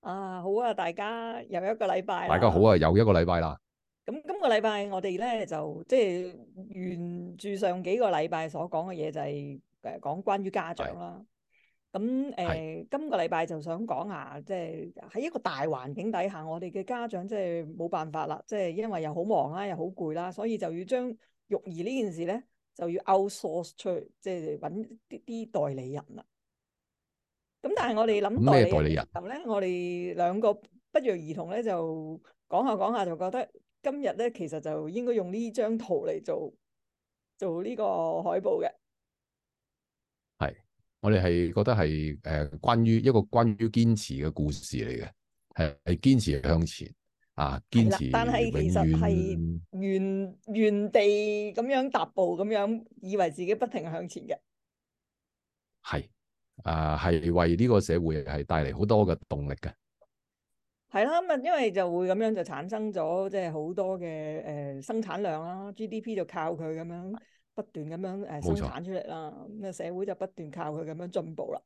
啊，好啊，大家又一個禮拜，大家好啊，又一個禮拜啦。咁今個禮拜我哋咧就即係沿住上幾個禮拜所講嘅嘢，就係誒講關於家長啦。咁誒是，呃、是今個禮拜就想講下，即係喺一個大環境底下，我哋嘅家長即係冇辦法啦，即、就、係、是、因為又好忙啦、啊，又好攰啦，所以就要將育兒呢件事咧，就要 outsource 出去，即係搵啲啲代理人啦。咁但係我哋諗到咩代理人？咁咧我哋兩個不約而同咧就講下講下就覺得今日咧其實就應該用呢張圖嚟做做呢個海報嘅。係，我哋係覺得係誒，關於一個關於堅持嘅故事嚟嘅，係係堅持向前啊，堅持永遠，但係其實係原原地咁樣踏步咁樣，以為自己不停向前嘅。係。啊，係、uh, 為呢個社會係帶嚟好多嘅動力嘅，係啦。咁啊，因為就會咁樣就產生咗，即係好多嘅誒生產量啦，GDP 就靠佢咁樣不斷咁樣誒生產出嚟啦。咁啊冇錯，社會就不斷靠佢咁樣進步啦。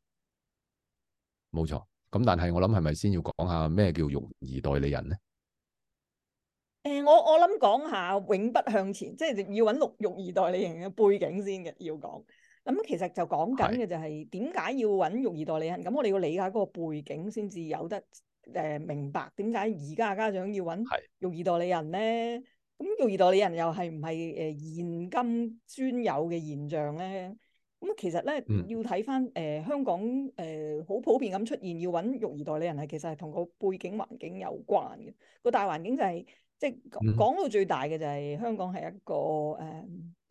冇錯。咁但係我諗係咪先要講下咩叫育兒代理人咧？誒、欸，我我諗講下永不向前，即係要搵六育兒代理人嘅背景先嘅，要講。咁、嗯、其實就講緊嘅就係點解要揾育兒代理人？咁我哋要理解嗰個背景先至有得誒、呃、明白點解而家家長要揾育兒代理人咧？咁育兒代理人又係唔係誒現今專有嘅現象咧？咁其實咧、嗯、要睇翻誒香港誒好、呃、普遍咁出現要揾育兒代理人係，其實係同個背景環境有關嘅。個大環境就係、是。即係講到最大嘅就係、是、香港係一個誒競、呃、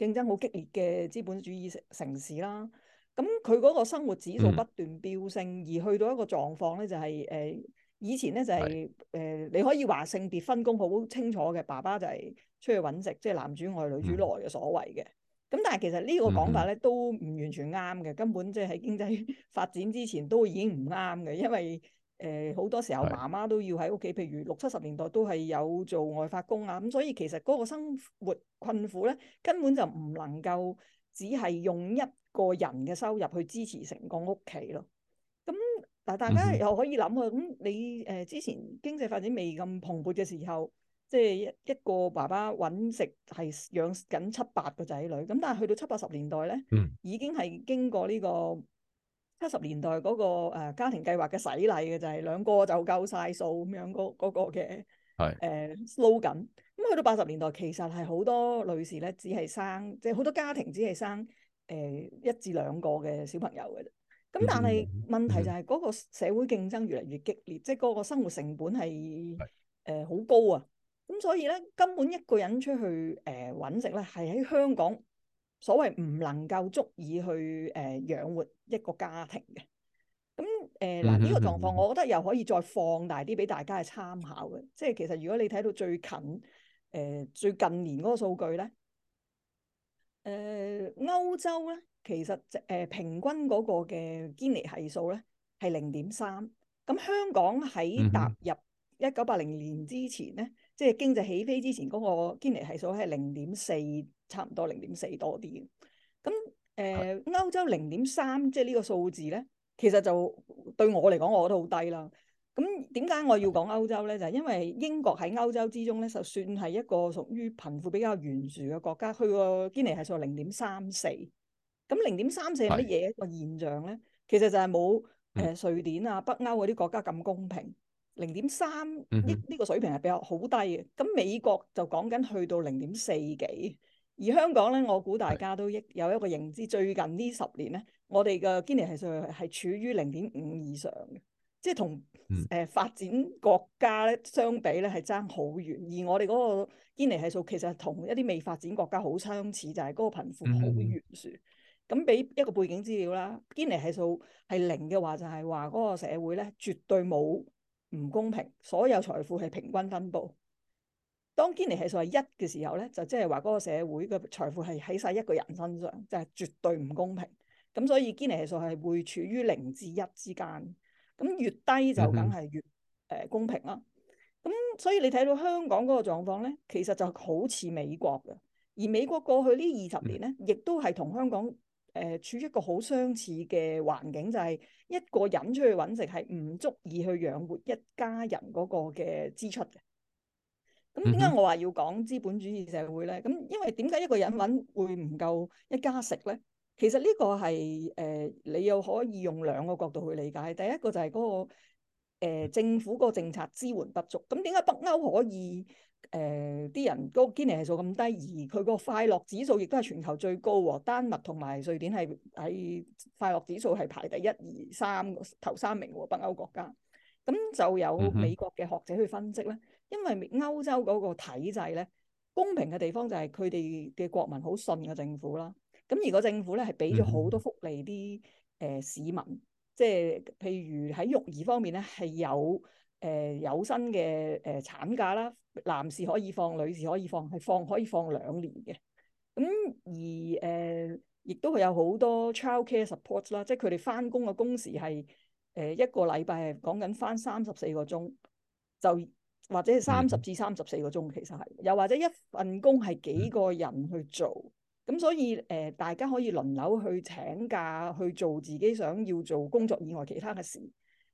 爭好激烈嘅資本主義城市啦。咁佢嗰個生活指數不斷飆升，嗯、而去到一個狀況咧就係、是、誒、呃、以前咧就係、是、誒是、呃、你可以話性別分工好清楚嘅，爸爸就係出去搵食，即係男主外女主內嘅所謂嘅。咁、嗯、但係其實個呢個講法咧都唔完全啱嘅，根本即係喺經濟發展之前都已經唔啱嘅，因為誒好多時候，媽媽都要喺屋企，譬如六七十年代都係有做外發工啊，咁所以其實嗰個生活困苦咧，根本就唔能夠只係用一個人嘅收入去支持成個屋企咯。咁嗱，大家又可以諗啊，咁你誒、呃、之前經濟發展未咁蓬勃嘅時候，即係一一個爸爸揾食係養緊七八個仔女，咁但係去到七八十年代咧，已經係經過呢個。七十年代嗰個家庭計劃嘅洗禮嘅就係、是、兩個就夠晒數咁樣嗰、那個嘅係誒 slogan，咁去是、呃、到八十年代其實係好多女士咧只係生，即係好多家庭只係生誒、呃、一至兩個嘅小朋友嘅啫。咁但係問題就係嗰個社會競爭越嚟越激烈，即係嗰個生活成本係誒好高啊！咁所以咧根本一個人出去誒搵、呃、食咧係喺香港。所謂唔能夠足以去誒、呃、養活一個家庭嘅，咁誒嗱呢個狀況，我覺得又可以再放大啲俾大家去參考嘅。即係其實如果你睇到最近誒、呃、最近年嗰個數據咧，誒、呃、歐洲咧其實誒、呃、平均嗰個嘅堅尼係數咧係零點三，咁香港喺踏入一九八零年之前咧，嗯、哼即係經濟起飛之前嗰個堅尼係數係零點四。差唔多零點四多啲，咁誒歐洲零點三，即係呢個數字咧，其實就對我嚟講，我覺得好低啦。咁點解我要講歐洲咧？就係、是、因為英國喺歐洲之中咧，就算係一個屬於貧富比較懸殊嘅國家，佢個堅尼係數零點三四。咁零點三四係乜嘢一個現象咧？的其實就係冇誒瑞典啊、北歐嗰啲國家咁公平。零點三呢呢個水平係比較好低嘅。咁美國就講緊去到零點四幾。而香港咧，我估大家都亦有一個認知。是最近呢十年咧，我哋嘅堅尼係數係處於零點五以上嘅，即係同誒發展國家咧相比咧係爭好遠。而我哋嗰個堅尼係數其實同一啲未發展國家好相似，就係、是、嗰個貧富好懸殊。咁俾、嗯嗯、一個背景資料啦，堅尼係數係零嘅話，就係話嗰個社會咧絕對冇唔公平，所有財富係平均分佈。當堅尼係數係一嘅時候咧，就即係話嗰個社會嘅財富係喺晒一個人身上，就係、是、絕對唔公平。咁所以堅尼係數係會處於零至一之間。咁越低就梗係越誒、呃、公平啦。咁所以你睇到香港嗰個狀況咧，其實就好似美國嘅。而美國過去呢二十年咧，亦都係同香港誒、呃、處於一個好相似嘅環境，就係、是、一個人出去揾食係唔足以去養活一家人嗰個嘅支出嘅。咁點解我話要講資本主義社會咧？咁因為點解一個人揾會唔夠一家食咧？其實呢個係誒、呃，你又可以用兩個角度去理解。第一個就係嗰、嗰個、呃、政府個政策支援不足。咁點解北歐可以誒、啲、呃、人個堅尼係數咁低，而佢個快樂指數亦都係全球最高喎？丹麥同埋瑞典係喺快樂指數係排第一、二、三頭三名喎，北歐國家。咁就有美國嘅學者去分析咧。因為歐洲嗰個體制咧，公平嘅地方就係佢哋嘅國民好信嘅政府啦。咁而個政府咧係俾咗好多福利啲誒、呃、市民，即係譬如喺育兒方面咧係有誒、呃、有薪嘅誒產假啦，男士可以放，女士可以放，係放可以放兩年嘅。咁、嗯、而誒亦、呃、都係有好多 childcare support 啦，即係佢哋翻工嘅工時係誒、呃、一個禮拜係講緊翻三十四個鐘就，或者係三十至三十四個鐘，其實係又或者一份工係幾個人去做，咁、嗯、所以誒、呃、大家可以輪流去請假去做自己想要做工作以外其他嘅事，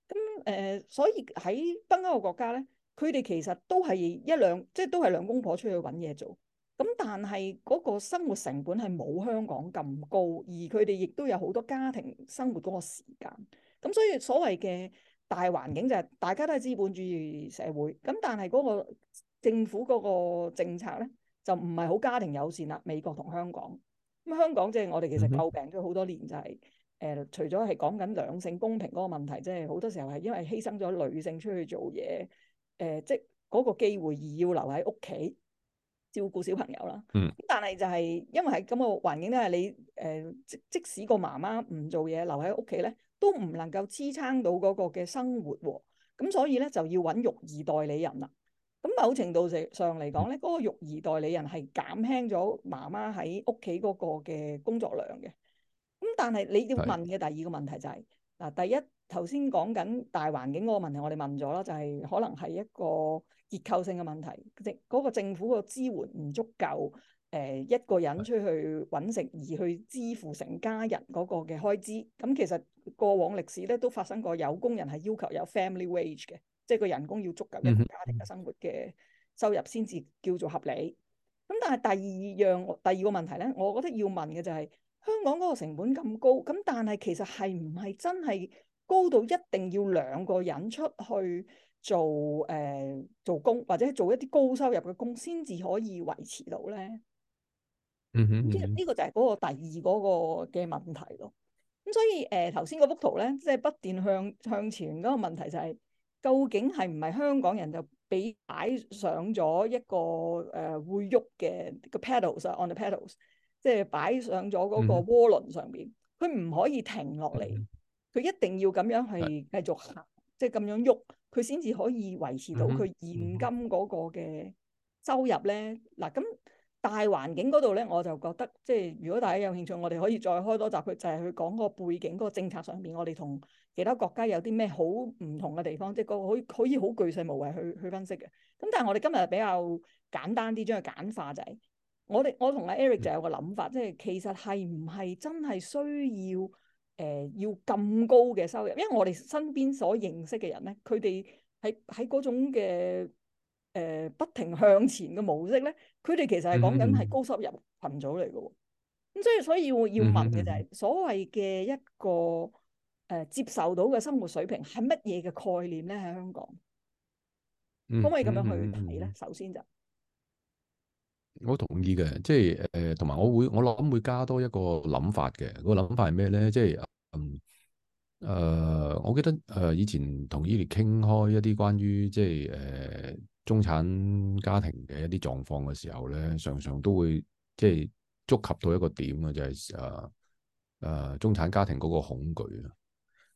咁誒、呃、所以喺北歐國家咧，佢哋其實都係一兩，即、就、係、是、都係兩公婆出去揾嘢做，咁但係嗰個生活成本係冇香港咁高，而佢哋亦都有好多家庭生活嗰個時間，咁所以所謂嘅。大環境就係大家都係資本主義社會，咁但係嗰個政府嗰個政策咧就唔係好家庭友善啦。美國同香港，咁香港即係我哋其實詬病咗好多年、就係，就係誒除咗係講緊兩性公平嗰個問題，即係好多時候係因為犧牲咗女性出去做嘢，誒即係嗰個機會而要留喺屋企照顧小朋友啦。嗯，咁但係就係因為喺咁個環境咧，你誒即即使個媽媽唔做嘢留喺屋企咧。都唔能夠支撐到嗰個嘅生活喎，咁所以咧就要揾育兒代理人啦。咁某程度上嚟講咧，嗰個育兒代理人係減輕咗媽媽喺屋企嗰個嘅工作量嘅。咁但係你要問嘅第二個問題就係，嗱，是第一頭先講緊大環境嗰個問題，我哋問咗啦，就係可能係一個結構性嘅問題，即嗰個政府個支援唔足夠。誒、呃、一個人出去揾食，而去支付成家人嗰個嘅開支，咁其實過往歷史咧都發生過有工人係要求有 family wage 嘅，即係個人工要足夠一個家庭嘅生活嘅收入先至叫做合理。咁但係第二樣第二個問題咧，我覺得要問嘅就係、是、香港嗰個成本咁高，咁但係其實係唔係真係高到一定要兩個人出去做誒、呃、做工，或者做一啲高收入嘅工先至可以維持到咧？嗯哼，呢個就係嗰個第二嗰個嘅問題咯。咁所以誒，頭先嗰幅圖咧，即係不斷向向前嗰個問題就係、是，究竟係唔係香港人就俾擺上咗一個誒、呃、會喐嘅個 pedals on the pedals，即係擺上咗嗰個渦輪上邊，佢唔、嗯、可以停落嚟，佢、嗯、一定要咁樣去繼續行，的即係咁樣喐，佢先至可以維持到佢現金嗰個嘅收入咧。嗱咁、嗯。嗯大環境嗰度咧，我就覺得即係如果大家有興趣，我哋可以再開多集，佢就係、是、去講嗰個背景、嗰、那個政策上邊，我哋同其他國家有啲咩好唔同嘅地方，即係個可可以好巨細無遺去去分析嘅。咁但係我哋今日比較簡單啲，將佢簡化就係、是、我哋我同阿 Eric 就有個諗法，即係其實係唔係真係需要誒、呃、要咁高嘅收入？因為我哋身邊所認識嘅人咧，佢哋喺喺嗰種嘅。誒、呃、不停向前嘅模式咧，佢哋其實係講緊係高收入群組嚟嘅喎。咁所以所以，我要問嘅就係、是 mm hmm. 所謂嘅一個誒、呃、接受到嘅生活水平係乜嘢嘅概念咧？喺香港、mm hmm. 可唔可以咁樣去睇咧？首先就我同意嘅，即係誒，同、呃、埋我會我諗會加多一個諗法嘅。個諗法係咩咧？即、就、係、是、嗯誒、呃，我記得誒、呃、以前同伊研傾開一啲關於即係誒。就是呃中產家庭嘅一啲狀況嘅時候咧，常常都會即係觸及到一個點、就係、啊，就係誒誒中產家庭嗰個恐懼啊，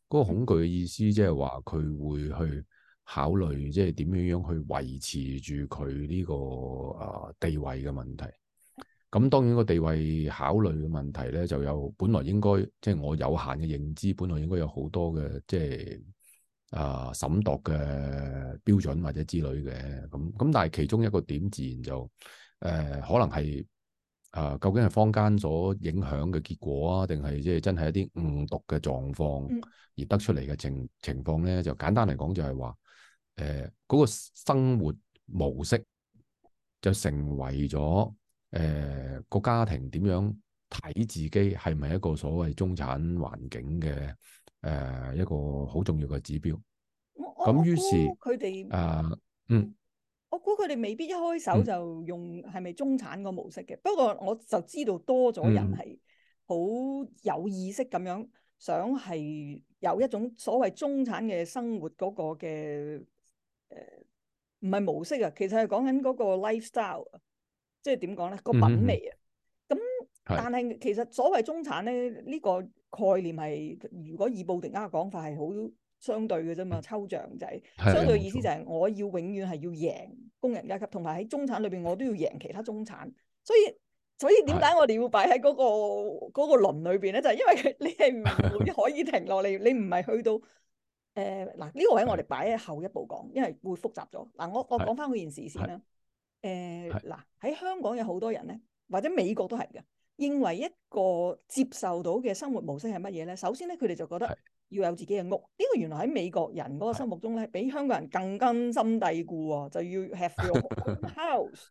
嗰、嗰個恐懼嘅意思即係話佢會去考慮即係點樣樣去維持住佢呢、呢個誒、啊、地位嘅問題。咁當然個地位考慮嘅問題咧，就有本來應該即係我有限嘅認知，本來應該有好多嘅即係。啊，審讀嘅標準或者之類嘅咁咁，但係其中一個點自然就誒、呃，可能係啊、呃，究竟係坊間所影響嘅結果啊，定係即係真係一啲誤讀嘅狀況而得出嚟嘅情情況咧？就簡單嚟講，就係話誒嗰個生活模式就成為咗誒、呃、個家庭點樣睇自己係咪一個所謂中產環境嘅？誒，uh, 一個好重要嘅指標。咁於我是佢哋誒，uh, 嗯，我估佢哋未必一開手就用係咪中產個模式嘅。嗯、不過我就知道多咗人係好有意識咁樣想係有一種所謂中產嘅生活嗰個嘅誒，唔、呃、係模式啊，其實係講緊嗰個 lifestyle，、嗯、即係點講咧個品味啊。咁但係其實所謂中產咧呢、這個。概念係，如果以布迪厄嘅講法係好相對嘅啫嘛，抽象就係是相對意思就係我要永遠係要贏工人階級，同埋喺中產裏邊我都要贏其他中產。所以所以點解我哋要擺喺嗰個嗰是個輪裏邊咧？就係、是、因為佢你係唔會可以停落嚟， 你唔係去到誒嗱呢個位我哋擺喺後一步講，是因為會複雜咗。嗱、呃、我我講翻嗰件事先啦。誒嗱喺香港有好多人咧，或者美國都係嘅。認為一個接受到嘅生活模式係乜嘢咧？首先咧，佢哋就覺得要有自己嘅屋。呢個原來喺美國人嗰個心目中咧，比香港人更根深蒂固喎。就要 have your own house，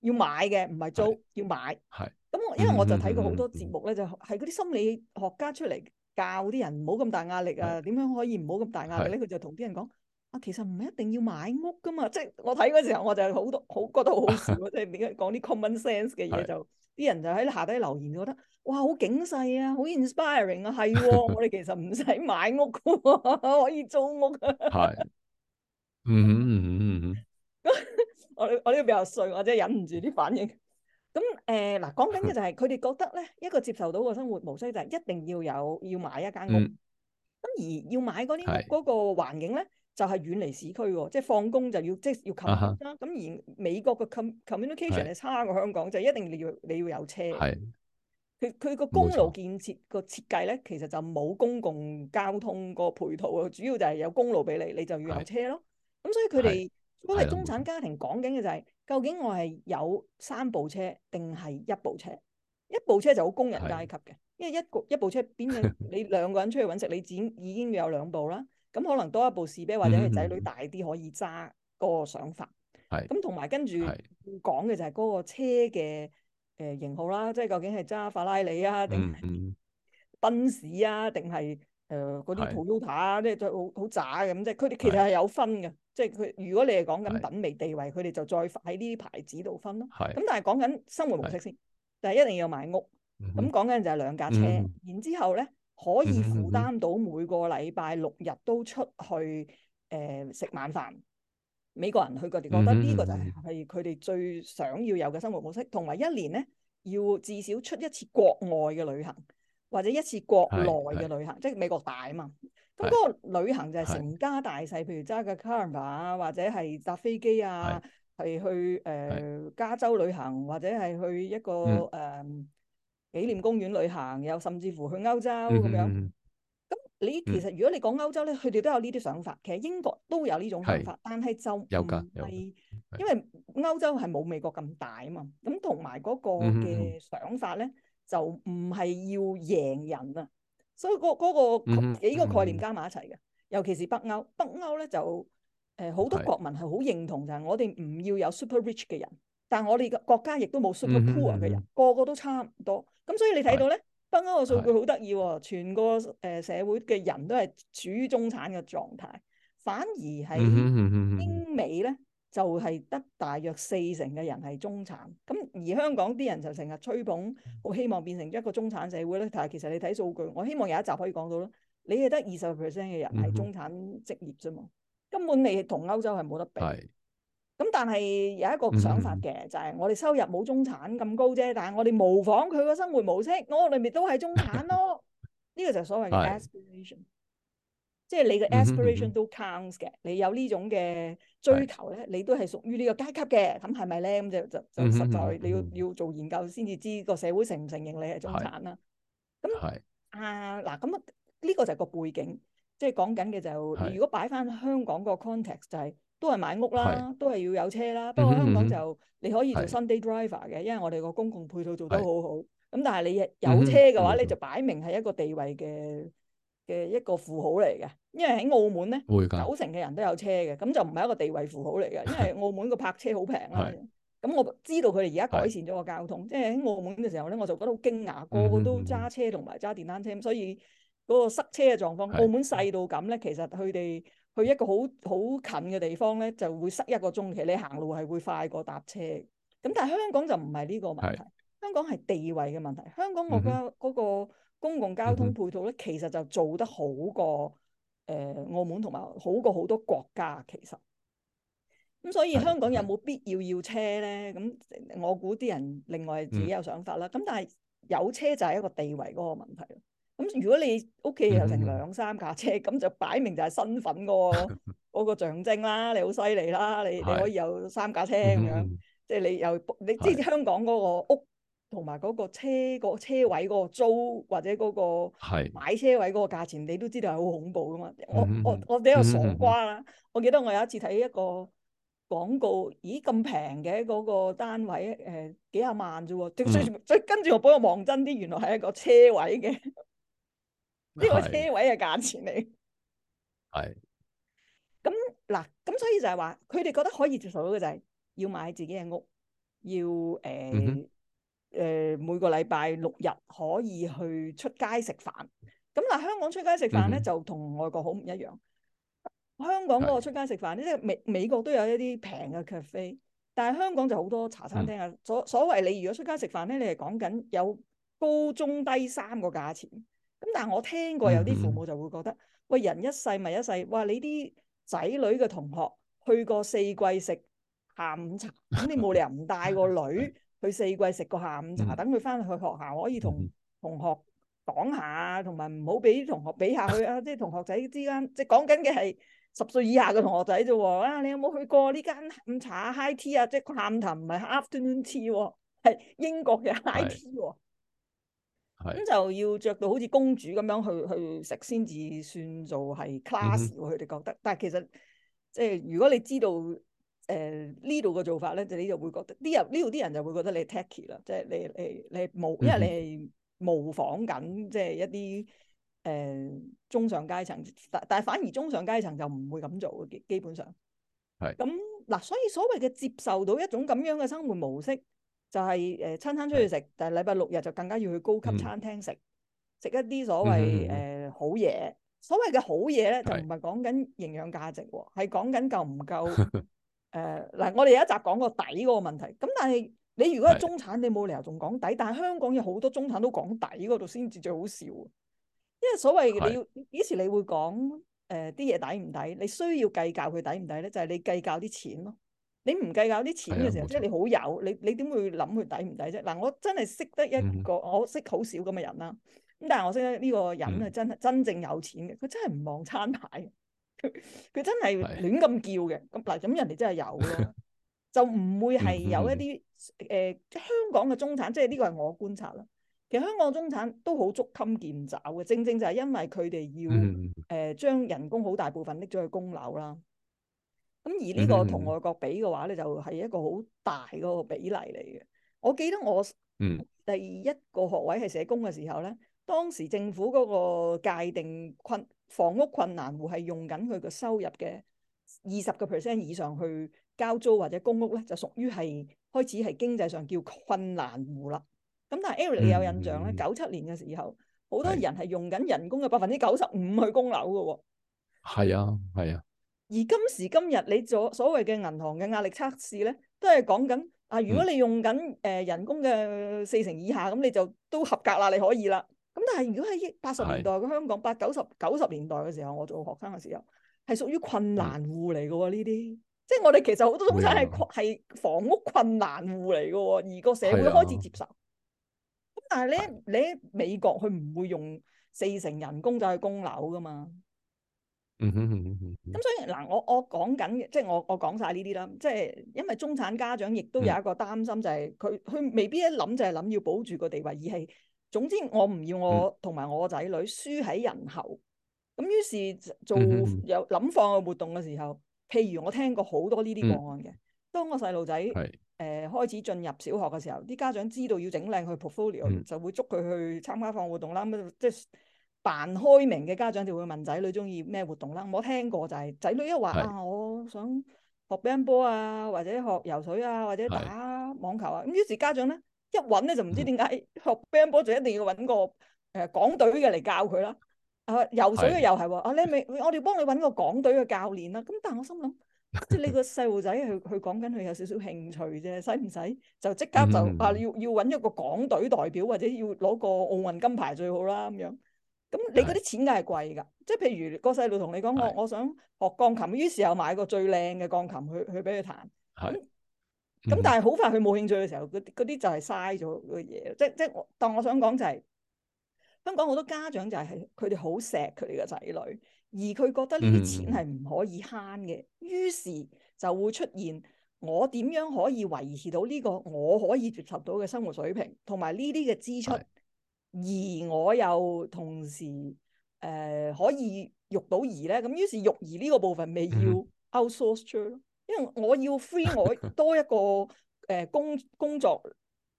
要買嘅，唔係租，要買。係。咁我因為我就睇過好多節目咧，就係嗰啲心理學家出嚟教啲人唔好咁大壓力啊，點樣可以唔好咁大壓力咧？佢就同啲人講：啊，其實唔係一定要買屋㗎嘛。即係我睇嗰時候，我就好多好覺得好好笑，即係點解講啲 common sense 嘅嘢就？啲人就喺下底留言，覺得哇好景勢啊，好 inspiring 啊，係，我哋其實唔使買屋嘅喎，可以租屋。係。嗯嗯嗯嗯。我我呢個比較衰，我真係忍唔住啲反應。咁誒嗱，講緊嘅就係佢哋覺得咧，一個接受到嘅生活模式就係一定要有要買一間屋。咁、嗯、而要買嗰啲嗰個環境咧。 就係遠離市區，即係放工就要即係要襟啦、uh。咁、huh. 而美國嘅 communication 係差過是香港，就一定你要你要有車。係佢佢個公路建設個錯設計咧，其實就冇公共交通個配套啊。主要就係有公路俾你，你就要有車咯。咁是所以佢哋都係中產家庭講緊嘅就係、是，的究竟我係有三部車定係一部車？一部車就好工人階級嘅，是因為一個一部車邊你你兩個人出去揾食，你已已經要有兩部啦。 咁可能多一部士比或者係仔女大啲可以揸嗰個想法，咁同埋跟住講嘅就係嗰個車嘅誒型號啦，即係究竟係揸法拉利啊，定係賓士啊，定係誒嗰啲 Toyota 啊，即係好好渣咁，即係佢哋其實係有分嘅，即係佢如果你係講緊品味地位，佢哋就再喺呢啲牌子度分咯。咁但係講緊生活模式先，但係一定要買屋。咁講緊就係兩架車，然之後咧。可以負擔到每個禮拜六日都出去誒食晚飯，美國人佢佢哋覺得呢個就係係佢哋最想要有嘅生活模式，同埋一年咧要至少出一次國外嘅旅行，或者一次國內嘅旅行，即係美國大啊嘛。咁嗰個旅行就係成家大細，譬如揸架 caravan 啊，或者係搭飛機啊，係去誒加州旅行，或者係去一個誒。紀念公園旅行，又甚至乎去歐洲咁樣。咁你其實如果你講歐洲咧，佢哋都有呢啲想法。其實英國都有呢種想法，但係就唔係，因為歐洲係冇美國咁大啊嘛。咁同埋嗰個嘅想法咧，就唔係要贏人啊。所以嗰嗰個幾個概念加埋一齊嘅，尤其是北歐。北歐咧，就誒好多國民係好認同就係我哋唔要有 super rich 嘅人，但我哋嘅國家亦都冇 super poor 嘅人，個個都差唔多。咁所以你睇到咧，北歐個數據好得意喎，全個誒、呃、社會嘅人都係處於中產嘅狀態，反而係英美咧 就係得大約四成嘅人係中產，咁而香港啲人就成日吹捧，好希望變成一個中產社會咧，但係其實你睇數據，我希望有一集可以講到啦，你係得二十 percent 嘅人係中產職業啫嘛， 根本你同歐洲係冇得比。咁但係有一個想法嘅，就係我哋收入冇中產咁高啫，但係我哋模仿佢個生活模式，我裏面都係中產咯。呢個就係所謂嘅 aspiration，即係你嘅 aspiration 都 counts 嘅，你有呢種嘅追求咧，你都係屬於呢個階級嘅。咁係咪咧？咁就就就實在你要要做研究先至知個社會承唔承認你係中產啦。咁，啊嗱，咁啊呢個就係個背景，即係講緊嘅就，如果擺翻香港個 context 就係。都係買屋啦，都係要有車啦。不過香港就你可以做 Sunday Driver 嘅，因為我哋個公共配套做得好好。咁但係你有車嘅話，你就擺明係一個地位嘅嘅一個符號嚟嘅。因為喺澳門咧，九成嘅人都有車嘅，咁就唔係一個地位符號嚟嘅。因為澳門個泊車好平呀。咁我知道佢哋而家改善咗個交通，即係喺澳門嘅時候咧，我就覺得好驚訝，個個都揸車同埋揸電單車，所以嗰個塞車嘅狀況，澳門細到咁咧，其實佢哋。去一個好好近嘅地方咧，就會塞一個鐘。其實你行路係會快過搭車，咁但係香港就唔係呢個問題,是問題。香港係地位嘅問題。香港我覺得嗰個公共交通配套咧，嗯、哼其實就做得好過誒、呃、澳門同埋好過好多國家。其實咁所以香港有冇必要要車咧？咁是我估啲人另外自己有想法啦。咁、嗯、但係有車就係一個地位嗰個問題。咁如果你屋企有成兩三架車，咁、嗯、就擺明就係身份嗰個象徵啦！你好犀利啦，你是你可以有三架車咁，即係、嗯就是、你又你即係香港嗰個屋同埋嗰個車個車位嗰個租或者嗰個買車位嗰個價錢，你都知道係好恐怖噶嘛！我我我比較傻瓜啦！嗯嗯、我記得我有一次睇一個廣告，咦咁平嘅嗰個單位誒、呃、幾廿萬啫喎，最、呃、最、嗯、跟住我幫我望真啲，原來係一個車位嘅。呢個車位嘅價錢嚟，係咁嗱，咁所以就係話，佢哋覺得可以接受到嘅就係要買自己嘅屋，要誒誒、呃 mm hmm. 呃、每個禮拜六日可以去出街食飯。咁嗱、呃，香港出街食飯咧、mm hmm. 就同外國好唔一樣。香港嗰個出街食飯咧，mm hmm. 美美國都有一啲平嘅 cafe，但係香港就好多茶餐廳啊、mm hmm. 所所謂你如果出街食飯咧，你係講緊有高中低三個價錢。咁但係我聽過有啲父母就會覺得，喂，人一世咪一世，哇，你啲仔女嘅同學去過四季食下午茶，咁你冇理由唔帶個女去四季食個下午茶，等佢翻去學校可以同同學講下，同埋唔好俾同學比下去啊！即係同學仔之間，即係講緊嘅係十歲以下嘅同學仔啫喎。啊，你有冇去過呢間下午茶？High Tea 啊，即係下午茶唔係 Afternoon Tea 喎、啊，係英國嘅 High Tea 喎。咁就要着到好似公主咁樣去去食先至算做係 class 喎、嗯哼，佢哋覺得。但係其實即係如果你知道誒呢度嘅做法咧，就你就會覺得啲人呢度啲人就會覺得你係 tacky 啦，即係你你你模，因為你係模仿緊、嗯、哼即係一啲誒、呃、中上階層，但但係反而中上階層就唔會咁做嘅，基本上。係咁嗱，所以所謂嘅接受到一種咁樣嘅生活模式。就係誒餐餐出去食，但係禮拜六日就更加要去高級餐廳食，食、嗯、一啲所謂誒、呃、好嘢。所謂嘅好嘢咧，嗯、就唔係講緊營養價值喎，係講緊夠唔夠誒嗱、 呃。我哋有一集講過底嗰個問題。咁但係你如果係中產，嗯、你冇理由仲講底。嗯、但係香港有好多中產都講底嗰度先至最好笑。因為所謂你要、嗯、幾時你會講誒啲嘢抵唔抵，你需要計較佢抵唔抵咧，就係、是、你計較啲錢咯。你唔計較啲錢嘅時候，錯即係你好有，你你點會諗佢抵唔抵啫？嗱，我真係識得一個，嗯、哼我識好少咁嘅人啦。咁但係我識得呢個人係，真係、嗯、真正有錢嘅，佢真係唔望餐牌，佢真係亂咁叫嘅。咁嗱是，咁人哋真係有咯， 就唔會係有一啲誒、呃、香港嘅中產，即係呢個係我觀察啦。其實香港中產都好捉襟見肘嘅，正正就係因為佢哋要誒、呃、將人工好大部分拎咗去供樓啦。嗯嗯咁而呢個同外國比嘅話咧，就係、是、一個好大嗰個比例嚟嘅。我記得我第一個學位係社工嘅時候咧，當時政府嗰個界定困房屋困難戶係用緊佢個收入嘅二十個 percent 以上去交租或者公屋咧，就屬於係開始係經濟上叫困難戶啦。咁但係 L，、嗯、你有印象咧？九七年嘅時候，好多人係用緊人工嘅百分之九十五去供樓嘅喎。係啊，係啊。而今時今日，你做所謂嘅銀行嘅壓力測試咧，都係講緊啊，如果你用緊誒、呃、人工嘅四成以下，咁你就都合格啦，你可以啦。咁但係如果喺八十年代嘅香港，八九十九十年代嘅時候，我做學生嘅時候，係屬於困難戶嚟嘅喎呢啲，即係我哋其實好多東西係係房屋困難戶嚟嘅喎，而個社會開始接受。咁的但係咧，你喺美國佢唔會用四成人工就去供樓噶嘛？嗯哼咁，嗯、所以嗱，我我講緊，即係我我講晒呢啲啦，即係因為中產家長亦都有一個擔心，嗯、就係佢佢未必一諗就係、是、諗要保住個地位，而係總之我唔要我同埋我仔女輸喺人後。咁於是做有諗放嘅活動嘅時候，譬如我聽過好多呢啲個案嘅，嗯、當我細路仔，誒開始進入小學嘅時候，啲家長知道要整靚佢 portfolio、嗯、就會捉佢去參加放活動啦。即係。扮開明嘅家長就會問仔女中意咩活動啦。我聽過就係仔女一話是啊，我想學乒乓波啊，或者學游水啊，或者打網球啊。咁於是家長咧一揾咧就唔知點解、嗯、學乒乓波就一定要揾個、呃呃是啊、個港隊嘅嚟教佢啦。啊，游水啊又係話啊，你咪我哋幫你揾個港隊嘅教練啦。咁但係我心諗， 即係你個細路仔去佢講緊佢有少少興趣啫，使唔使就即刻就啊要要揾一個港隊代表或者要攞個奧運金牌最好啦咁樣。咁你嗰啲錢梗係貴㗎，即係的譬如個細路同你講的我我想學鋼琴，於是又買個最靚嘅鋼琴去去俾佢彈。係的。咁但係好快佢冇興趣嘅時候，嗰啲就係嘥咗嘅嘢。即即當我想講就係香港好多家長就係佢哋好錫佢哋嘅仔女，而佢覺得呢啲錢係唔可以慳嘅，是的於是就會出現我點樣可以維持到呢個我可以接受到嘅生活水平，同埋呢啲嘅支出。而我又同時誒、呃、可以育到兒咧，咁於是育兒呢個部分咪要 outsource 咯，因為我要 free 我多一個誒工、 呃、工作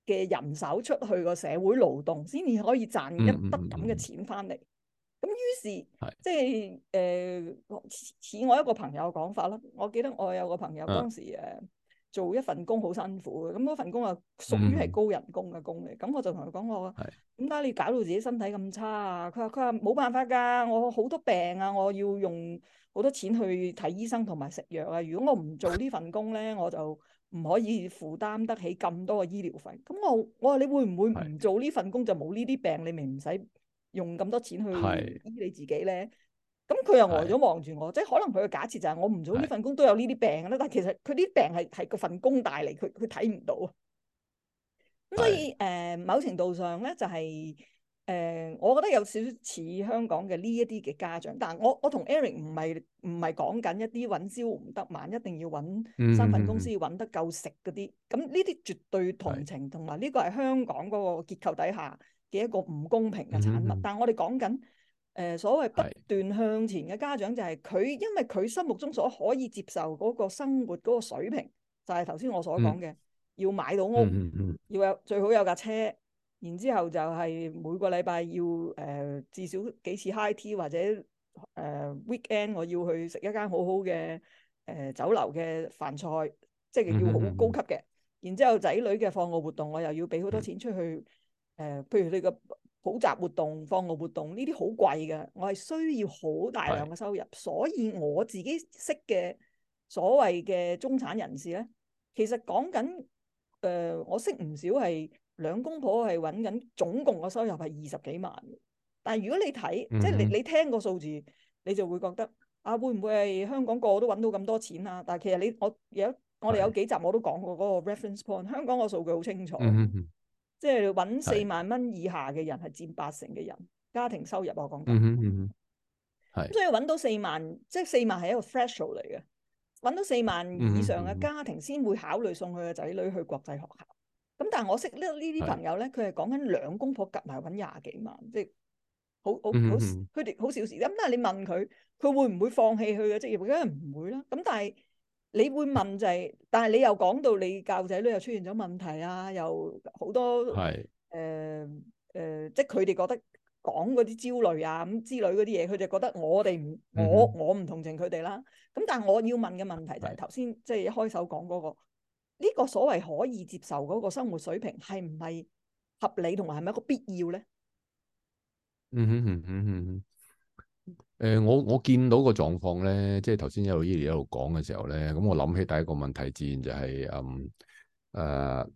嘅人手出去個社會勞動，先至可以賺一筆咁嘅錢翻嚟。咁、嗯嗯嗯嗯、於是即係誒、呃、似我一個朋友講法啦。我記得我有個朋友當時誒。啊做一份工好辛苦嘅，咁嗰份工啊屬於係高人工嘅工嚟。咁、嗯、我就同佢講我，咁點解你搞到自己身體咁差啊？佢話佢話冇辦法㗎，我好多病啊，我要用好多錢去睇醫生同埋食藥啊，如果我唔做呢份工咧，我就唔可以負擔得起咁多嘅醫療費，咁我我話你會唔會唔做呢份工就冇呢啲病，是你咪唔使用咁多錢去醫你自己咧？咁佢又呆咗望住我，的即係可能佢嘅假設就係我唔做呢份工都有呢啲病啦，的但係其實佢啲病係係個份工帶嚟，佢佢睇唔到。咁所以誒的、呃，某程度上咧就係、是、誒、呃，我覺得有少少似香港嘅呢一啲嘅家長。但係我我同 Eric 唔係唔係講緊一啲揾朝唔得晚，一定要揾三份公司揾得夠食嗰啲。咁呢啲絕對同情，同埋呢個係香港嗰個結構底下嘅一個唔公平嘅產物。嗯嗯、但係我哋講緊。誒、呃、所謂不斷向前嘅家長就係佢，因為佢心目中所可以接受嗰個生活嗰個水平，就係頭先我所講嘅，嗯、要買到屋，嗯嗯嗯、要有最好有架車，然之後就係每個禮拜要誒、呃、至少幾次 high tea 或者誒、呃、weekend，我要去食一間好好嘅誒酒樓嘅飯菜，即係要好高級嘅。嗯嗯嗯、然之後仔女嘅課外活動，我又要俾好多錢出去誒、呃，譬如你個。補習活動、放學活動呢啲好貴嘅，我係需要好大量嘅收入，是所以我自己識嘅所謂嘅中產人士呢，其實講緊誒，我識唔少係兩公婆係揾緊總共嘅收入係二十幾萬。但係如果你睇，嗯、哼即係你你聽個數字，你就會覺得啊，會唔會係香港個個都揾到咁多錢啊？但係其實你我有我哋有幾集我都講過嗰、嗰個 reference point，香港個數據好清楚。嗯即係揾四萬蚊以下嘅人係佔八成嘅人，的家庭收入我講緊，咁、mm hmm. 所以揾到四萬，的即係四萬係一個 threshold 嚟嘅，揾到四萬以上嘅家庭先會考慮送佢嘅仔女去國際學校。咁、mm hmm. 嗯、但係我識呢呢啲朋友咧，佢係講緊兩公婆夾埋揾廿幾萬，即係好好好，佢哋好少事。咁、mm hmm. 但係你問佢，佢會唔會放棄佢嘅職業？佢梗係唔會啦。咁但係。你會問就係，但係你又講到你教仔女又出現咗問題啊，又好多誒誒，即係佢哋覺得講嗰啲焦慮啊咁之類嗰啲嘢，佢就覺得我哋唔我我唔同情佢哋啦。咁但係我要問嘅問題就係頭先即係一開手講嗰個呢個所謂可以接受嗰個生活水平係唔係合理同埋係咪一個必要咧？嗯嗯嗯嗯嗯。誒、呃，我我見到個狀況咧，即係頭先一路伊研一路講嘅時候咧，咁、嗯、我諗起第一個問題，自然就係、是、嗯誒、呃，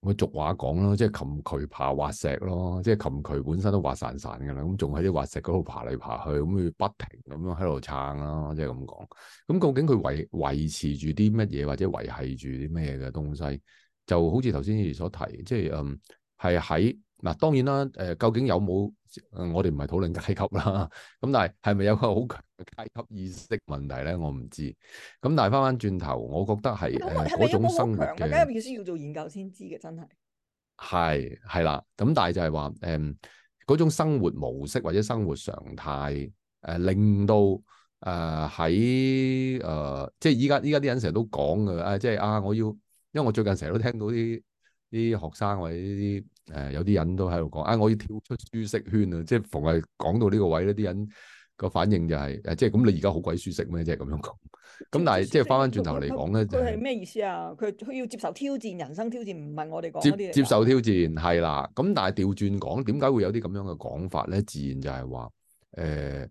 我俗話講咯，即係琴渠爬滑石咯，即係琴渠本身都滑潺潺噶啦，咁仲喺啲滑石嗰度爬嚟爬去，咁、嗯、佢不停咁樣喺度撐咯，即係咁講。咁、嗯、究竟佢維維持住啲乜嘢，或者維繫住啲咩嘅東西，就好似頭先伊研所提，即係嗯係喺。嗱，當然啦，誒、呃，究竟有冇、呃？我哋唔係討論階級啦，咁但係係咪有個好強嘅階級意識問題咧？我唔知。咁但係返返轉頭，我覺得係誒嗰種生活嘅，梗係要先要做研究先知嘅，真係。係係啦，咁但係就係話誒嗰種生活模式或者生活常態誒、呃，令到誒喺誒即係依家依家啲人成日都講嘅，啊、呃，即係啊，我要，因為我最近成日都聽到啲啲學生或者啲。誒，有啲人都喺度講啊，我要跳出舒適圈啊！即係逢係講到呢個位咧，啲人個反應就係、是、誒，即係咁你而家好鬼舒適咩？即係咁樣講。咁 但係即係翻翻轉頭嚟講咧，就係咩意思啊？佢要接受挑戰，人生挑戰，唔係我哋講嗰啲接受挑戰係啦。咁但係調轉講，點解會有啲咁樣嘅講法咧？自然就係話誒，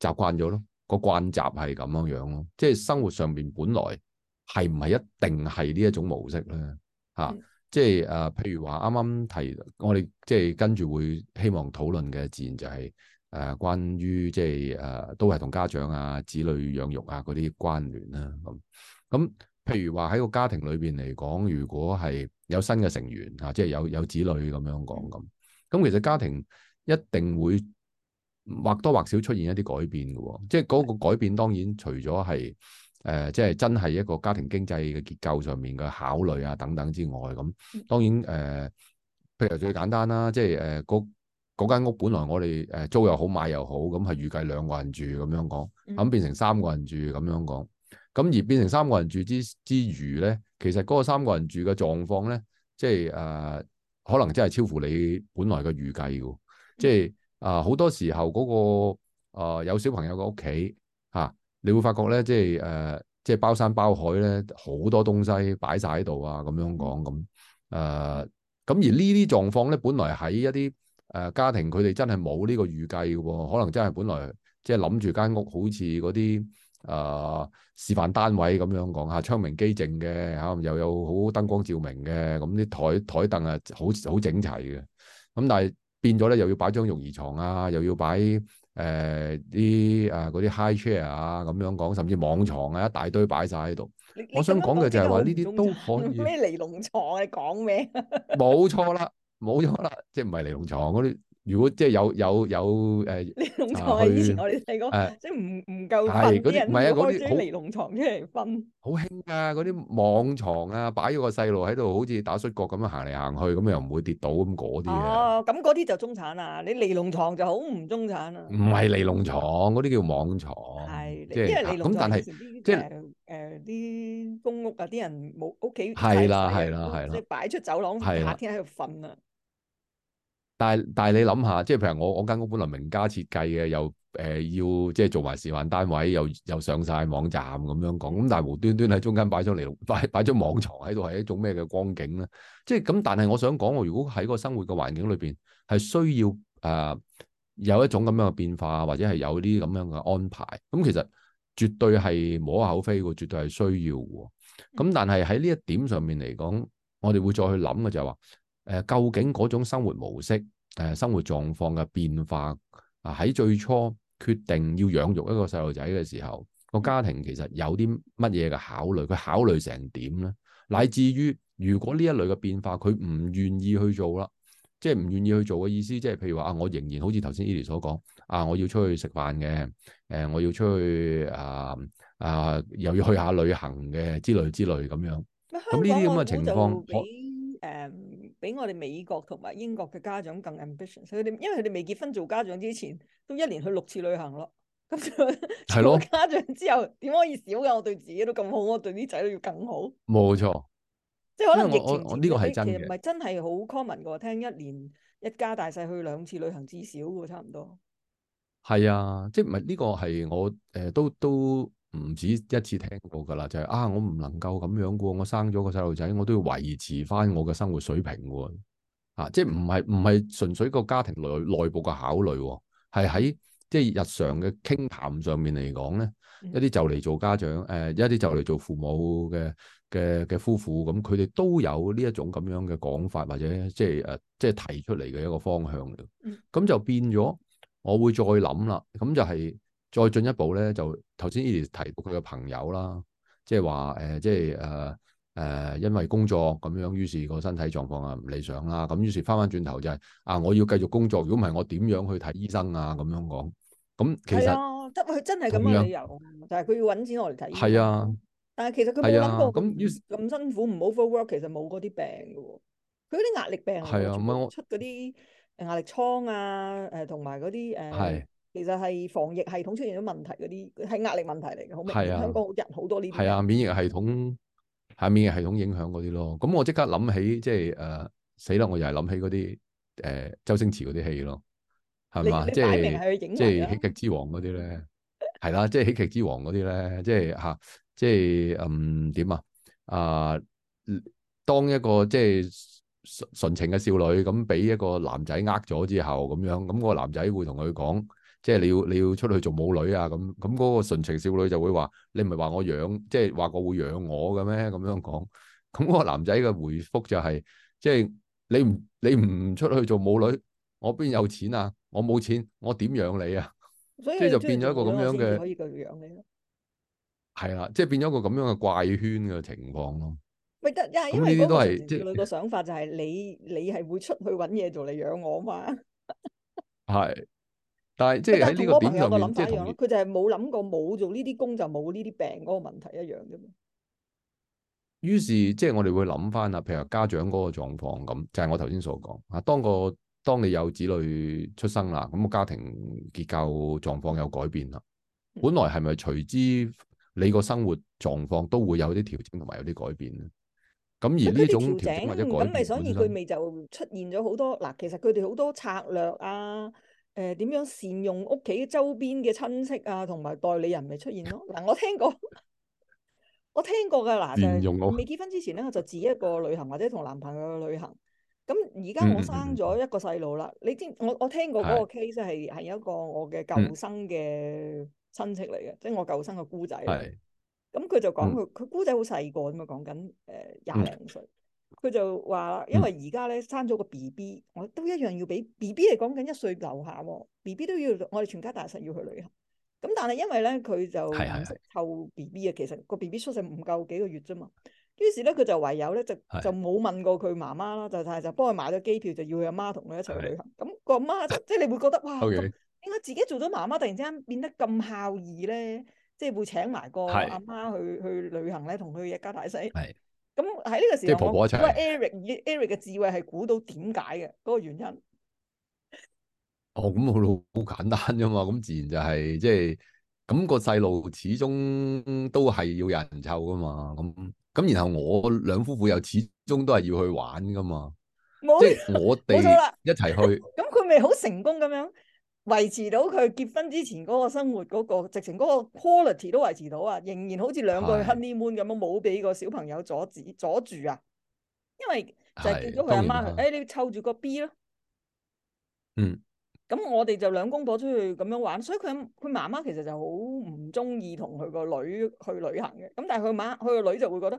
習慣咗咯，個慣習係咁樣樣咯。即係生活上邊本來係唔係一定係呢一種模式咧？吓、嗯。即係誒、呃，譬如話啱啱提，我哋即係跟住會希望討論嘅，自然就係、是、誒、呃，關於即係誒、呃，都係同家長啊、子女養育啊嗰啲關聯啦、啊。咁咁，譬如話喺個家庭裏邊嚟講，如果係有新嘅成員啊，即係有有子女咁樣講咁，咁其實家庭一定會或多或少出現一啲改變嘅喎、啊。即係嗰個改變，當然除咗係。誒、呃，即係真係一個家庭經濟嘅結構上面嘅考慮啊，等等之外，咁當然誒、呃，譬如最簡單啦，即係誒嗰嗰間屋本來我哋誒租又好買又好，咁係預計兩個人住咁樣講，咁變成三個人住咁樣講，咁而變成三個人住之之餘咧，其實嗰個三個人住嘅狀況咧，即係誒、呃、可能真係超乎你本來嘅預計嘅，即係啊好多時候嗰、嗰個啊、呃、有小朋友嘅屋企。你會發覺咧，即係誒、呃，即係包山包海咧，好多東西擺晒喺度啊！咁樣講咁誒，咁、呃、而呢啲狀況咧，本來喺一啲誒、呃、家庭，佢哋真係冇呢個預計嘅喎、哦，可能真係本來即係諗住間屋好似嗰啲誒示範單位咁樣講下，窗明幾淨嘅，嚇、嗯、又有好燈光照明嘅，咁啲台台凳啊好好整齊嘅，咁、嗯、但係變咗咧，又要擺張育兒床啊，又要擺。誒、啲、呃、啊嗰啲 high chair 啊，咁樣講，甚至網床啊，一大堆擺晒喺度。你我想講嘅就係話呢啲都可以。咩尼龍床啊？你講咩？冇 錯啦，冇錯啦，即係唔係尼龍床嗰啲。如果即係有有有以前我哋細個誒，佢即係唔唔夠分嘅人，開啲尼龍牀出嚟瞓。好興啊！嗰啲網床啊，擺咗個細路喺度，好似打摔角咁樣行嚟行去，咁又唔會跌倒咁嗰啲嘅。哦，咁嗰啲就中產啦，你尼龍床就好唔中產啦。唔係尼龍床，嗰啲叫網床。係，即係咁，但係即係誒啲公屋啊，啲人冇屋企。係啦，係啦，係啦。擺出走廊，夏天喺度瞓啊！但係但係你諗下，即係譬如我我間屋本來名家設計嘅，又誒、呃、要即係做埋示範單位，又又上晒網站咁樣講，咁但係無端端喺中間擺咗張嚟，擺擺張網床喺度，係一種咩嘅光景咧？即係咁，但係我想講，我如果喺個生活嘅環境裏邊係需要誒、呃、有一種咁樣嘅變化，或者係有啲咁樣嘅安排，咁其實絕對係冇可厚非嘅，絕對係需要嘅。咁但係喺呢一點上面嚟講，我哋會再去諗嘅就係話。誒，究竟嗰種生活模式、誒生活狀況嘅變化啊，喺最初決定要養育一個細路仔嘅時候，個家庭其實有啲乜嘢嘅考慮？佢考慮成點咧？乃至於如果呢一類嘅變化，佢唔願意去做啦，即係唔願意去做嘅意思，即係譬如話啊，我仍然好似頭先 Eli 所講啊，我要出去食飯嘅，誒、啊，我要出去啊啊，又要去下旅行嘅之類之類咁樣。咁呢啲咁嘅情況，我比我哋美國同埋英國嘅家長更 ambitious，佢哋因為佢哋未結婚做家長之前，都一年去六次旅行咯。咁做家長之後，點可以少噶？我對自己都咁好，我對啲仔女要更好。冇錯，即係可能疫情前，其實唔係真係好 common 嘅喎。聽一年一家大細去兩次旅行至少嘅，差唔多。係啊，即係唔係呢個係我誒都、呃、都。都唔止一次聽過㗎啦，就係、是、啊，我唔能夠咁樣㗎喎，我生咗個細路仔，我都要維持返我嘅生活水平喎，啊，即係唔係唔係純粹個家庭內內部嘅考慮，係喺即係日常嘅傾談，談上面嚟講咧，一啲就嚟做家長，誒、呃，一啲就嚟做父母嘅嘅嘅夫婦咁，佢、嗯、哋、嗯、都有呢一種咁樣嘅講法，或者即係誒，即係、呃、提出嚟嘅一個方向。嗯，咁就變咗，我會再諗啦，咁就係、是。再進一步咧，就頭先 Eli 提到佢嘅朋友啦，即係話誒，即係誒誒，因為工作咁樣，於是個身體狀況啊唔理想啦，咁於是翻翻轉頭就係、是、啊，我要繼續工作，如果唔係我點樣去睇醫生啊？咁樣講，咁、嗯、其實得佢、啊、真係咁嘅理由，樣就係佢要揾錢落嚟睇。係啊，但係其實佢冇諗過咁、啊、辛苦唔 overwork 其實冇嗰啲病嘅喎，佢嗰啲壓力病係啊，唔係我出嗰啲壓力瘡啊，誒同埋嗰啲誒。其實係防疫系統出現咗問題嗰啲，係壓力問題嚟嘅，好明顯。啊、香港人好多呢邊係啊，免疫系統係、啊、免疫系統影響嗰啲咯。咁我即刻諗起，即係誒、呃、死啦！我又係諗起嗰啲誒周星馳嗰啲戲咯，係嘛？即係即係喜劇之王嗰啲咧，係啦，即係喜劇之王嗰啲咧，即係吓，即係嗯，點啊？啊，當一個即係純情嘅少女咁俾一個男仔呃咗之後，咁樣咁、嗰個男仔會同佢講。那個即係你要你要出去做舞女啊，咁咁，嗰個純情少女就會話你唔係，話我養，即係話我會養我嘅咩？咁樣講，咁嗰個男仔嘅回覆就係即係你唔你唔出去做舞女，我邊有錢啊？我冇錢，我點養你啊？所以就變咗一個咁樣嘅係啦，即係變咗一個咁樣嘅怪圈嘅情況咯。咪得呀？因為因為嗰個女嘅想法就係你你係會出去搵嘢做嚟養我嘛？係。但係即係喺呢個點上面，即係佢就係冇諗過冇做呢啲工就冇呢啲病嗰個問題一樣嘛，於是即係、就是、我哋會諗翻啊，譬如家長嗰個狀況咁，就係、是、我頭先所講啊。當個當你有子女出生啦，咁個家庭結構狀況有改變啦，嗯、本來係咪隨之你個生活狀況都會有啲調整同埋有啲改變咧？咁而呢種調整或者改變咁咪，所以佢未就出現咗好多嗱。其實佢哋好多策略啊。誒點、呃、樣善用屋企周邊嘅親戚啊，同埋代理人咪出現咯？嗱、啊，我聽過， 我聽過噶嗱，就是、未結婚之前咧，我就自己一個旅行，或者同男朋友去旅行。咁而家我生咗一個細路啦。嗯、你知我我聽過嗰個 case 係有一個我嘅舊生嘅親戚嚟嘅，即係、嗯、我舊生嘅姑仔。係、嗯。咁佢就講佢佢姑仔好細個啫嘛，講緊誒廿零歲。嗯佢就話，因為而家咧，生咗個 B B，、嗯、我都一樣要俾 B B 係講緊一歲樓下，B B 都要我哋全家大細要去旅行。咁但係因為咧佢就唔識湊 B B 啊，的其實個 B B 出世唔夠幾個月啫嘛。於是咧佢就唯有咧就的就冇問過佢媽媽啦，就就就幫佢買咗機票，就要佢阿媽同佢一齊去旅行。咁的個阿媽 即係你會覺得哇，點解 Okay. 自己做咗媽媽突然之間變得咁孝義咧？即、就、係、是、會請埋個阿媽去去旅行咧，同佢一家大細。的咁喺呢個時候，即係婆婆一齊，因為 Eric 以 Eric 嘅智慧係估到點解嘅嗰個原因。哦，咁好簡單啫嘛，咁自然就係即係，咁個細路始終都係要有人湊噶嘛，咁咁然後我兩夫婦又始終都係要去玩噶嘛，即係冇我哋一齊去，咁佢咪好成功咁樣。維持到佢結婚之前嗰個生活嗰個，直情嗰個 quality 都維持到啊，仍然好似兩個 honeymoon 咁樣，冇俾個小朋友阻止阻住啊，因為就係見到佢阿媽，誒，你湊住個 B 咯，嗯，咁我哋就兩公婆出去咁樣玩，所以佢佢媽媽其實就好唔中意同佢個女去旅行嘅，咁但係佢媽佢個女就會覺得。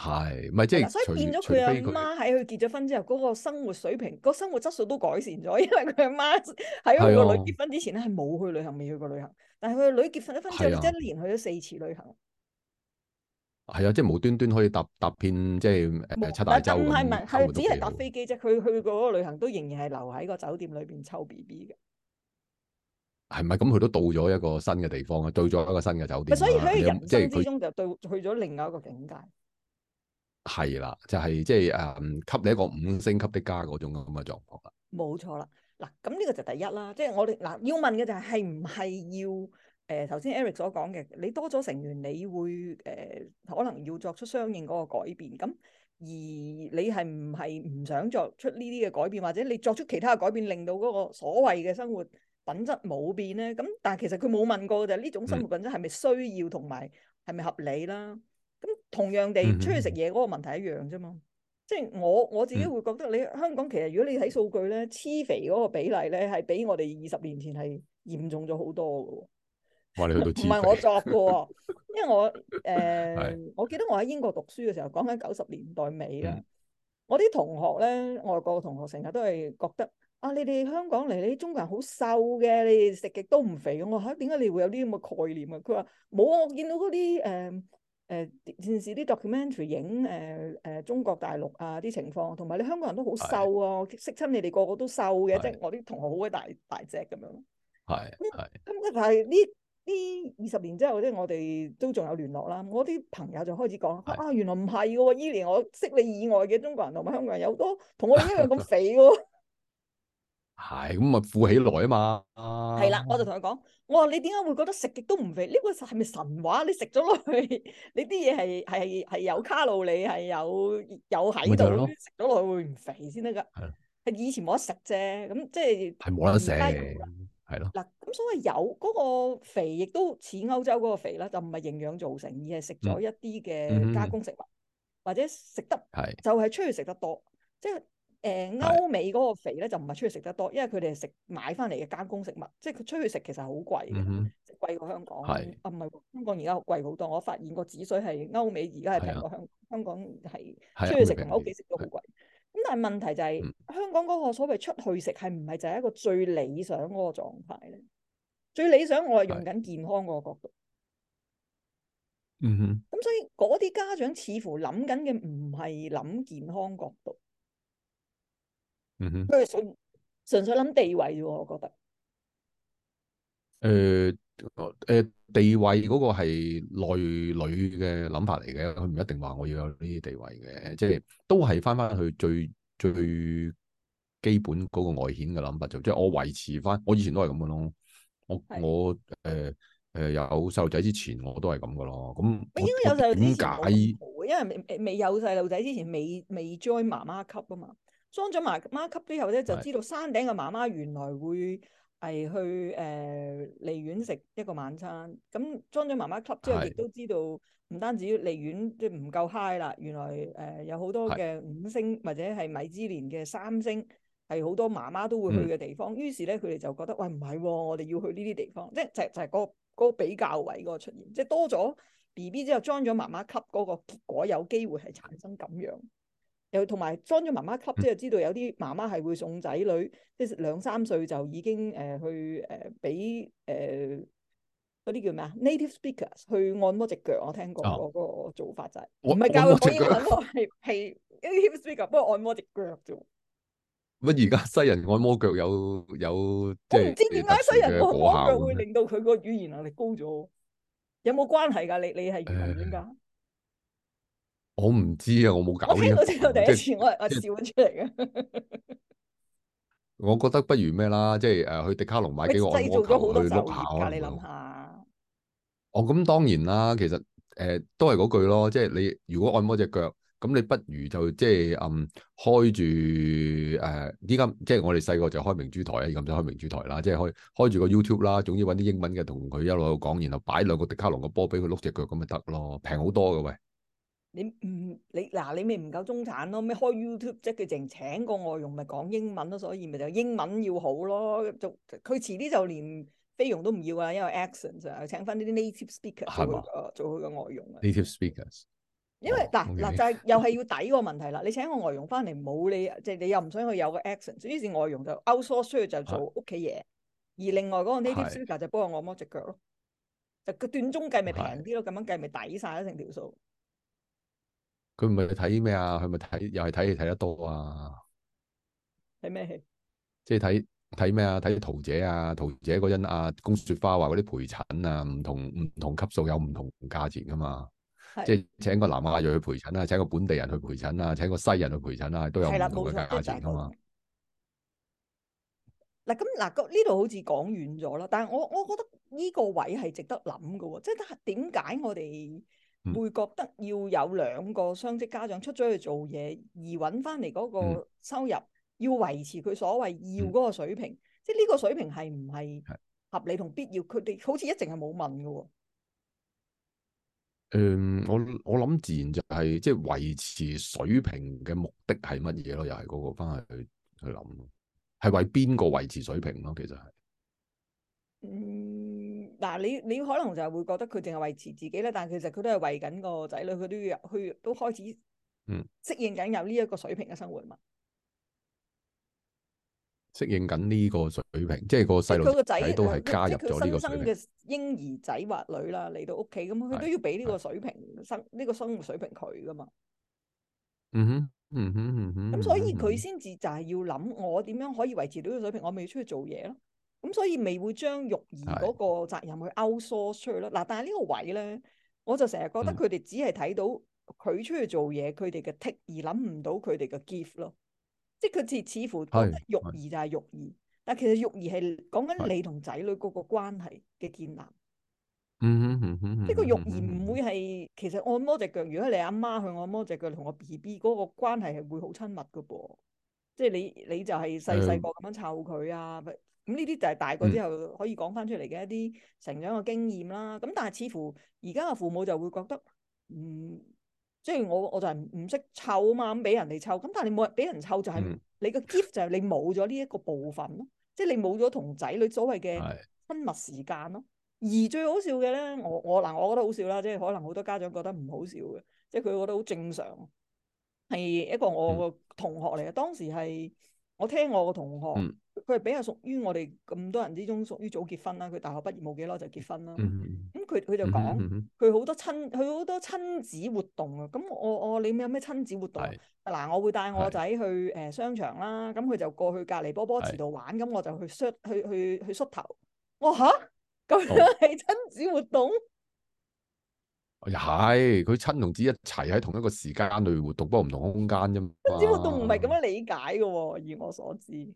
係，咪即係？所以變咗佢阿媽喺佢結咗婚之後，嗰個生活水平、個生活質素都改善咗。因為佢阿媽喺佢個女結婚之前咧，係冇去旅行，未去過旅行。但係佢個女結婚咗婚之後，一年去咗四次旅行。係啊，即係無端端可以搭搭遍，即係七大洲。唔係唔係，佢只係搭飛機啫。佢去過嗰個旅行都仍然係留喺個酒店裏邊湊 B B 嘅。係咪咁？佢都到咗一個新嘅地方啊，到咗一個新嘅酒店。所以喺人生之中就到去咗另外一個境界。係啦，就係、是、即係誒，給、嗯、你一個五星級的家嗰種咁嘅狀況啦。冇錯啦，嗱，咁呢個就第一啦，即、就、係、是、我哋嗱要問嘅就係係唔係要誒，頭、呃、先 Eric 所講嘅，你多咗成員，你會誒、呃、可能要作出相應嗰個改變。咁而你係唔係唔想作出呢啲嘅改變，或者你作出其他嘅改變，令到嗰個所謂嘅生活品質冇變呢？咁但係其實佢冇問過就係、是、呢種生活品質係咪需要同埋係咪合理啦？嗯同樣地出去食嘢嗰個問題一樣啫嘛，即係、嗯嗯、我我自己會覺得你香港其實如果你睇數據咧，黐肥嗰個比例咧係比我哋二十年前係嚴重咗好多嘅。嘩，你去到黐肥。唔係我作嘅喎， 因為我誒，呃、對我記得我喺英國讀書嘅時候，講緊九十年代尾啦，嗯、我啲同學咧，外國嘅同學成日都係覺得啊，你哋香港嚟，你啲中國人好瘦嘅，你哋食極都唔肥。我嚇，點解你會有啲咁嘅概念啊？佢話冇啊，我見到嗰啲誒。嗯嗯嗯嗯嗯嗯嗯誒電視啲 documentary 影誒誒、呃呃、中國大陸啊啲情況，同埋你香港人都好瘦啊，哦，是識親你哋個個都瘦嘅。是即係我啲同學好鬼大大隻咁樣。係係，咁、嗯嗯、但係呢呢二十年之後，即係我哋都仲有聯絡啦。我啲朋友就開始講是啊，原來唔係喎，依年我識你以外嘅中國人同埋香港人有好多同我一樣咁肥喎。 係，咁啊，富起來啊嘛。係、啊、啦，我就同佢講，我話你點解會覺得食極都唔肥？呢、這個係咪神話？你食咗落去，你啲嘢係係係有卡路里，係有有喺度，食咗落去會唔肥先得噶？係的以前冇得食啫，咁即係係冇得食，係咯。嗱的，咁所謂有嗰、那個肥，亦都似歐洲嗰個肥啦，就唔係營養造成，而係食咗一啲嘅加工食物，嗯嗯、或者食得的就係、是、出去食得多，即係的。誒，歐美嗰個肥咧是就唔係出去食得多，因為佢哋係食買翻嚟嘅加工食物，即係佢出去食其實好貴嘅，貴過、嗯、哼香港。係是啊，唔係香港而家貴好多。我發現個指數係歐美而家係平過香香港係、啊、出去食同屋企食都好貴。咁但係問題就係、是、的香港嗰個所謂出去食係唔係就係一個最理想嗰個狀態咧？最理想我係用緊健康嗰個角度。嗯哼。咁所以嗰啲家長似乎諗緊嘅唔係諗健康角度。嗯哼，佢係純粹諗地位啫，我覺得。誒，誒，地位嗰個係內裏嘅諗法嚟嘅，佢唔一定話我要有呢啲地位嘅，即係都係翻翻去最最基本嗰個外顯嘅諗法就即係我維持翻，我以前都係咁嘅咯。我的我誒誒有細路仔之前我都係咁嘅咯。咁應該有細路仔之前點解，因為未未有細路仔之前未未 join 媽媽級啊嘛。裝咗媽媽級之後咧，就知道山頂嘅媽媽原來會係去誒離院食一個晚餐。咁裝咗媽媽級之後，亦都的知道唔單止離院，即係唔夠 high 啦。原來誒、呃、有好多嘅五星的或者係米芝蓮嘅三星係好多媽媽都會去嘅地方。嗯、於是咧，佢哋就覺得喂，唔係、哦，我哋要去呢啲地方，即係就係、就係嗰嗰個比較位嗰個出現，即、就、係、是、多咗 B B 之後裝咗媽媽級嗰、那個結、那個、果有機會係產生咁樣。又同埋裝咗媽媽級，即係知道有啲媽媽係會送仔女，嗯、即係兩三歲就已經誒、呃、去誒俾誒嗰啲叫咩啊 native speakers 去按摩隻腳。我聽過嗰個做法就係我唔係教佢講英文，我係 native speaker，不過按摩隻腳啫。乜而家西人按摩腳有有，有即係？我唔知點解西人按摩腳會令到佢個語言能力高咗，有冇關係㗎？你你係認為點㗎？我唔知啊，我冇搞。聽到知道第一次，我我笑咗出嚟嘅。我覺得不如咩啦，即係誒去迪卡龍買幾個按摩球去碌下啊！你諗下，哦咁當然啦，其實誒都係嗰句咯，即係你如果按摩隻腳，咁你不如就即係嗯開住誒依家即係我哋細個就開明珠台啊，而家唔使開明珠台啦，即係開開住個 YouTube 啦，總之揾啲英文嘅同佢一路講，然後擺兩個迪卡龍嘅波俾佢碌隻腳咁咪得咯，平好多嘅喂。你唔你嗱、啊、你咪唔夠中產咯？咩開 YouTube 即係佢淨請個外傭咪講英文咯，所以咪就英文要好咯。就佢遲啲就連菲傭都唔要啊，因為 accent 就請翻呢啲 native speaker 嗎做佢做個外傭 native speakers，因為嗱嗱、oh, okay. 啊、就係、是、又係要抵個問題啦。你請個外傭翻嚟冇你即係你又唔想佢有個 accent，於是外傭就 outsource 出去就做屋企嘢，的而另外嗰個 native speaker 的就幫我按摩隻腳咯。就佢斷鐘計咪平啲咯，咁的樣計咪抵晒啦成條數。佢唔係去睇咩啊？佢咪睇又係睇戲睇得多啊？睇咩？即係睇睇咩啊？睇桃姐啊，桃姐嗰陣阿公雪花話嗰啲陪診啊，唔同唔同級數有唔同價錢噶嘛。的即係請個南亞裔去陪診啊，請個本地人去陪診啊，請個西人去陪診啊，都有唔同嘅價錢噶嘛。嗱咁嗱呢度好似講完咗啦，但係我我覺得呢個位係值得諗嘅喎，即係點解我哋會覺得要有兩個雙職家長出咗去做嘢，而揾翻嚟嗰個收入，嗯、要維持佢所謂要嗰個水平，嗯、即係呢個水平係唔係合理同必要？佢哋的好似一直係冇問㗎喎、嗯。我我諗自然就係即係維持水平嘅目的係乜嘢咯？又係嗰個翻去去諗，係為邊個維持水平咯？其實係。嗯。嗱、啊，你你可能就係會覺得佢淨係維持自己啦，但係其實佢都係為緊個仔女，佢都要去都開始適應緊有呢一個水平嘅生活嘛、嗯。適應緊呢個水平，即係個細路仔都係加入咗呢個水平。嬰兒仔或女啦，嚟到屋企咁，佢都要俾呢個水平生呢、呢個生活水平佢噶嘛，嗯。嗯哼，嗯哼，嗯哼。咁、嗯、所以佢先至就係要諗，我點樣可以維持到呢個水平？我咪要出去做嘢咯。咁、嗯、所以未會將育兒嗰個責任去 outsource 出去咯。嗱是，但係呢個位咧，我就成日覺得佢哋只係睇到佢出去做嘢，佢哋嘅 take 而諗唔到佢哋嘅 give 咯。即係佢似似乎講育兒就係育兒，但其實育兒係講緊你同仔女嗰個關係嘅建立。嗯嗯嗯嗯呢個育兒唔會係其實按摩隻腳。嗯嗯嗯嗯、如果你阿媽，媽去按摩隻腳同我 B B 嗰個關係係會好親密嘅噃。即係你你就係細細個咁樣湊佢啊。咁呢啲就係大個之後可以講翻出嚟嘅一啲成長嘅經驗啦。咁但係似乎而家嘅父母就會覺得，嗯，雖然我我就係唔識湊啊嘛，咁俾人哋湊咁，但係你冇人俾人湊就係、是嗯、你個 gift 就係你冇咗呢一個部分咯，即係你冇咗同仔女所謂嘅親密時間咯。是而最好笑嘅咧，我我嗱，我覺得好笑啦，即係可能好多家長覺得唔好笑嘅，即係佢覺得好正常，係一個我個同學嚟嘅。嗯、當時係我聽我個同學。嗯佢係比較屬於我哋咁多人之中，屬於早結婚啦。佢大學畢業冇幾耐就結婚啦。咁佢佢就講，佢好、嗯嗯嗯嗯、多親，佢好多親子活動啊。咁我我你有咩親子活動嗱是、啊，我會帶我仔去誒商場啦。咁佢是、呃、就過去隔離波波池度玩，咁是我就去梳去去去,去梳頭。我、哦、吓？咁樣係親子活動？又係佢親同子一齊喺同一個時間裏活動，不過唔同空間啫嘛。親子活動唔係咁樣理解嘅，以我所知。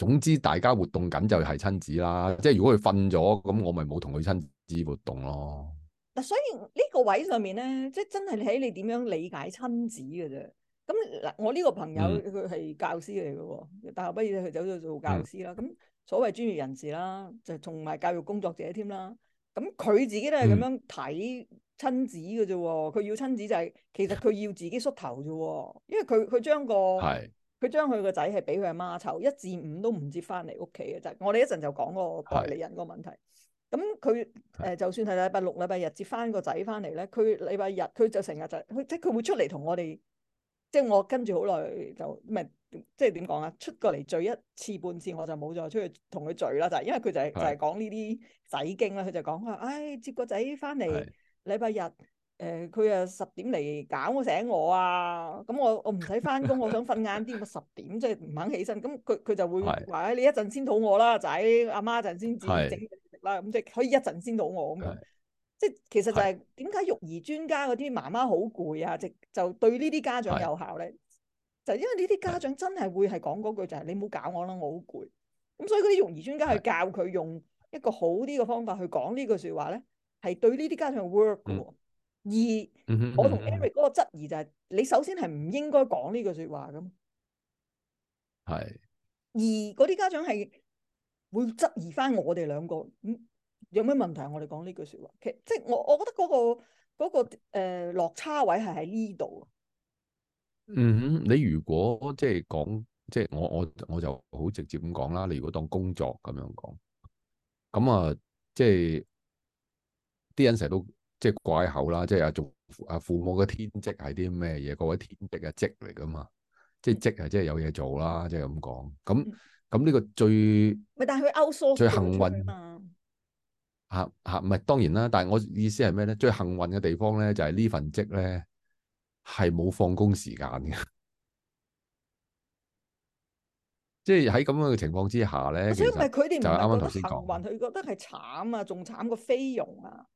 總之，大家活動緊就係親子啦，即係如果佢瞓咗，咁我咪冇同佢親子活動咯。嗱，所以呢個位上面咧，即係真係喺你點樣理解親子嘅啫。咁嗱，我呢個朋友佢係、嗯、教師嚟嘅喎，大學畢業佢走咗做教師啦。咁、嗯、所謂專業人士啦，就同埋教育工作者添啦。咁佢自己都係咁樣睇親子嘅啫。佢、嗯、要親子就係、是、其實佢要自己縮頭啫，因為佢佢將個係。佢將佢個仔係俾佢阿媽湊，一至五都唔接翻嚟屋企嘅，就係、是、我哋一陣就講嗰個代理人個問題。咁佢誒就算係禮拜六、禮拜日接翻個仔翻嚟咧，佢禮拜日佢就成日、就是、就，即係佢會出嚟同我哋，即係我跟住好耐就咩，即係點講啊？出過嚟聚一次半次，我就冇再出去同佢聚啦，就係、是、因為佢就係、是、是就係講呢啲仔經啦，佢就講話，唉、哎，接個仔翻嚟禮拜日。誒佢啊十點嚟搞我醒我啊，咁我我唔使翻工，我想瞓晏啲，我十 點即係唔肯起身。咁佢佢就會話是你一陣先肚餓啦，仔阿媽，媽一陣先至整嘢食啦。咁即係可以一陣先肚餓咁樣是、嗯。即係其實就係點解育兒專家嗰啲媽媽好攰啊？即就對呢啲家長有效咧，是就因為呢啲家長真係會係講嗰句就係、是、是你唔好搞我啦，我好攰。咁所以嗰啲育兒專家係教佢用一個好啲嘅方法去講句呢句説話咧，係對呢啲家長 work 嘅。而我同 Eric 嗰個質疑就係，你首先係唔應該講呢句說話嘛。係。而嗰啲家長係會質疑翻我哋兩個，咁有咩問題？我哋講呢句說話，其實即係我我覺得嗰個嗰個誒落差位係喺呢度。嗯哼，你如果即係講，即係我我我就好直接咁講啦。你如果當工作咁樣講，咁啊，即係啲人成日都。即係怪口啦，即係啊做啊父母嘅天職係啲咩嘢？各位天職嘅職嚟噶嘛？即係職啊，即係有嘢做啦，即係咁講。咁咁呢個最唔係，但係佢歐蘇最幸運嘛啊！嚇嚇唔係，當然啦，但係我意思係咩咧？最幸運嘅地方咧，就係呢份職咧係冇放工時間嘅。即係喺咁樣嘅情況之下咧，所以唔係佢哋唔係覺得幸運，佢覺得係慘啊，仲慘過菲傭啊！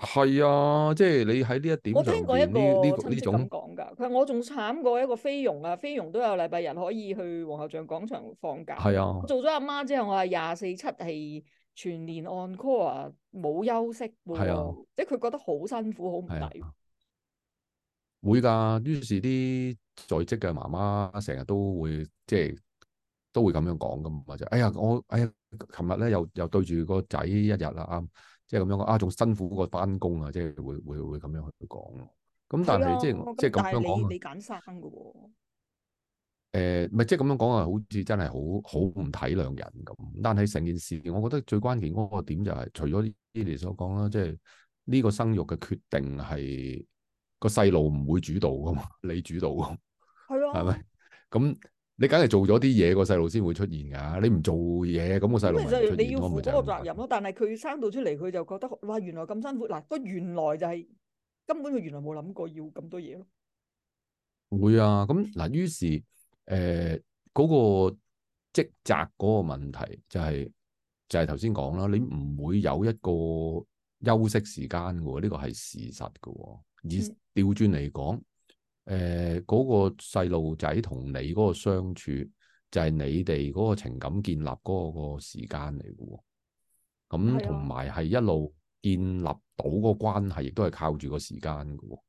係啊，即係你喺呢一點，我聽過一個呢呢、這個、種講噶。佢話我仲慘過一個菲傭啊，菲傭都有禮拜日可以去皇后像廣場放假。係啊，我做咗阿媽之後，我係廿四七係全年按 call 啊，冇休息。會係啊，即係佢覺得好辛苦，好唔抵。會噶，於是啲在職嘅媽媽成日都會即係都會咁樣講咁話就：哎呀，我哎呀，琴日咧又又對住個仔一日啦。嗯即係咁樣講啊，仲辛苦過返工啊！即、就、係、是、會會會咁樣去講咯。咁但係即係即係咁樣講，你揀生㗎喎。誒、呃，咪即係咁樣講啊，好似真係好好唔體諒人咁。但係成件事，我覺得最關鍵嗰個點就係、是，除咗呢啲你所講啦，即係呢個生育嘅決定係個細路唔會主導㗎嘛， 你主導㗎。係啊的。係咪？咁。你梗係做咗啲嘢個細路先會出現㗎，你唔做嘢咁、那個細路唔出現你要負個責任咯，可可但係佢生到出嚟，佢就覺得哇原來咁辛苦嗱，個、啊、原來就係、是、根本佢原來冇諗過要咁多嘢咯。會啊，咁嗱，於是誒嗰、呃那個職責嗰個問題就係、是、就係頭先講啦，你唔會有一個休息時間㗎喎，呢、這個係事實㗎喎，而調轉嚟講。嗯誒嗰、欸那個細路仔同你嗰個相處，就係、是、你哋嗰個情感建立嗰、那個那個時間嚟嘅喎。咁同埋係一路建立到嗰個關係，亦都係靠住個時間嘅喎。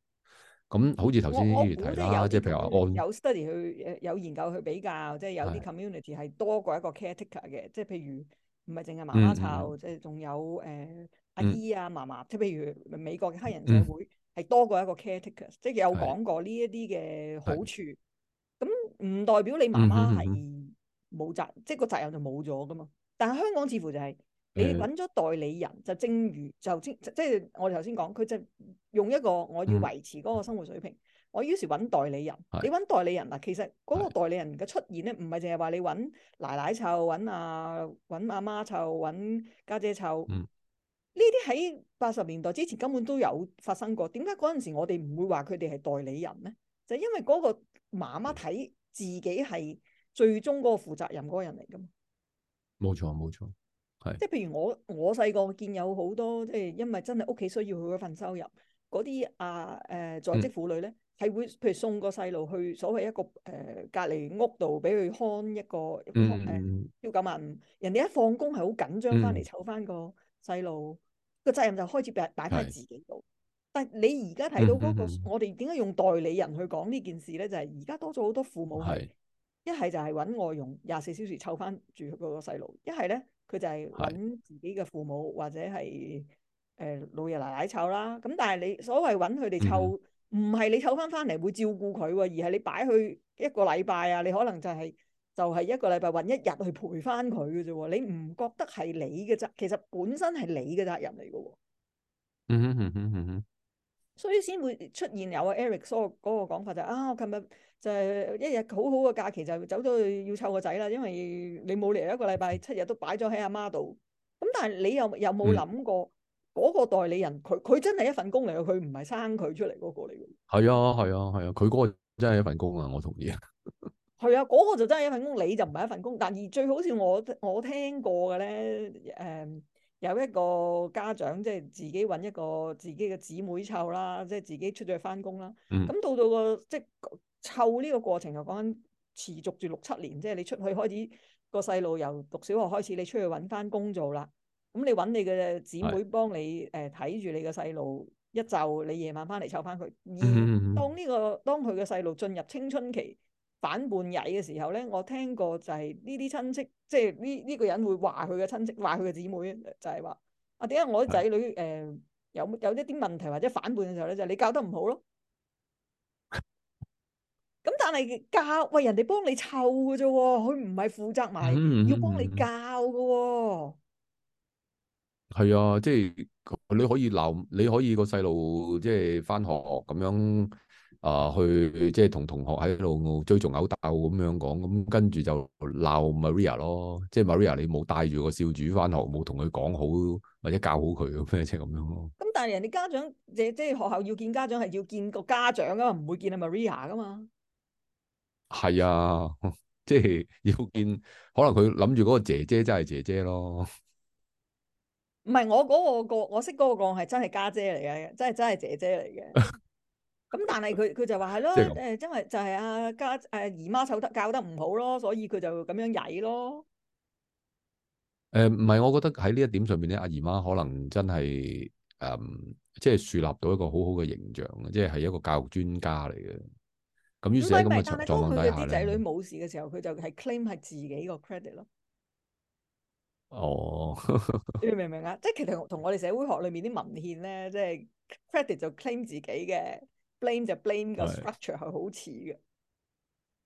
咁好似頭先提到啦，即係譬如我有 study 去有研究去比較，即、就、係、是、有啲 community 係多過一個 caretaker 嘅。即係的譬如唔係淨係媽媽湊，即係仲有誒、呃、阿姨啊、嫲嫲。即係譬如美國嘅黑人社會。嗯多過一個 caretaker 即係有講過呢一啲嘅好處，咁唔的代表你媽媽係冇責任，嗯、哼哼即係個責任就冇咗噶嘛。但係香港似乎就係你揾咗代理人，的就正如就即即係我哋頭先講，佢就用一個我要維持嗰個生活水平，嗯、哼我於是揾代理人。的你揾代理人嗱，其實嗰個代理人嘅出現咧，唔係淨係話你揾奶奶湊，揾阿揾阿媽湊，揾家姐湊。嗯呢啲喺八十年代之前根本都有發生過。點解嗰陣時我哋唔會話佢哋係代理人咧？就係、因為嗰個媽媽睇自己係最終嗰個負責任嗰個人嚟噶嘛。冇錯，冇錯，係即係譬如我我細個見有好多即係因為真係屋企需要佢嗰份收入嗰啲啊誒、呃，在職婦女咧係、嗯、會譬如送個細路去所謂一個誒、呃、隔離屋度俾佢看一個誒、嗯啊、要九萬人哋一放工係好緊張翻嚟湊翻個。細路個責任就開始擺擺喺自己度，是但係你而家提到嗰、那個，嗯嗯、我哋點解用代理人去講呢件事咧？就係而家多咗好多父母係一係就係揾外傭，廿四小時湊翻住嗰個細路，一係咧佢就係揾自己嘅父母是或者係誒、呃、老爺奶奶湊啦。咁但係你所謂揾佢哋湊，唔係、嗯、你湊翻翻嚟會照顧佢喎、啊，而係你擺去一個禮拜啊，你可能就係、是。就係一個禮拜搵一日去陪翻佢嘅啫，你唔覺得係你嘅責？其實本身係你嘅責任嚟嘅、嗯。嗯哼嗯嗯嗯嗯嗯。所以先會出現有阿 Eric 嗰、so、個嗰個講法就係、是、啊，琴日就係一日好好嘅假期就走咗去要湊個仔啦，因為你冇理由一個禮拜七日都擺咗喺阿媽度。咁、嗯、但係你又有冇諗過嗰個代理人佢佢、嗯、真係一份工嚟、那個、啊？佢唔係生佢出嚟嗰個嚟嘅。係啊係啊係啊，佢嗰、啊啊、個真係一份工啊！我同意。 係啊，嗰、那個就真係一份工，你就唔係一份工。但而最好似我我聽過嘅咧，誒、嗯、有一個家長即係、就是、自己揾一個自己嘅姊妹湊啦，即、就、係、是、自己出咗去返工啦。咁、嗯、到到個即係湊呢個過程就講、是、緊持續住六七年，即、就、係、是、你出去開始、那個細路由讀小學開始，你出去揾返工做啦。咁你揾你嘅姊妹幫你誒睇住你嘅細路一晝，你夜晚返嚟湊返佢。而當呢、這個、嗯、當佢嘅細路進入青春期。反叛曳嘅時候咧，我聽過就係呢啲親戚，即係呢呢個人會話佢嘅親戚，話佢嘅姊妹，就係、是、話啊，點解我啲仔女誒、呃、有有一啲問題或者反叛嘅時候咧，就係、是、你教得唔好咯。咁但係教喂人哋幫你湊嘅啫喎，佢唔係負責埋、嗯、要幫你教嘅喎、哦。係啊，即係你可以鬧，你可以個細路即係返學咁樣。啊，去即係同同學喺度追逐、毆鬥咁樣講，咁跟住就鬧 Maria 咯，即係 Maria 你冇帶住個少主翻學，冇同佢講好或者教好佢咁樣即咁樣咯。咁但係人哋家長即係即係學校要見家長係要見個家長噶嘛，唔會見阿 Maria 噶嘛。係啊，即係要見，可能佢諗住嗰個姐姐真係姐姐咯。唔係我嗰個個我識嗰個個係真係家姐嚟嘅，真係真係姐姐嚟嘅。 咁、嗯、但係佢佢就話係咯，誒，因為就係阿、啊、家誒、啊、姨媽湊得教得唔好咯，所以佢就咁樣曳咯。誒、呃，唔係，我覺得喺呢一點上面，咧，阿姨媽可能真係誒，即係樹立到一個好好嘅形象，即係係一個教育專家嚟嘅。咁，於是咁嘅情況底下咧。咁咪但係當佢嘅啲仔女冇事嘅時候，佢就係 claim 係自己個 credit 咯。哦， 你明唔明啊？即、就、係、是、其實同我哋社會學裏面啲文獻咧，即係 credit 就是、claim 自己嘅。Bl blame 就 blame 個 structure 係好似嘅，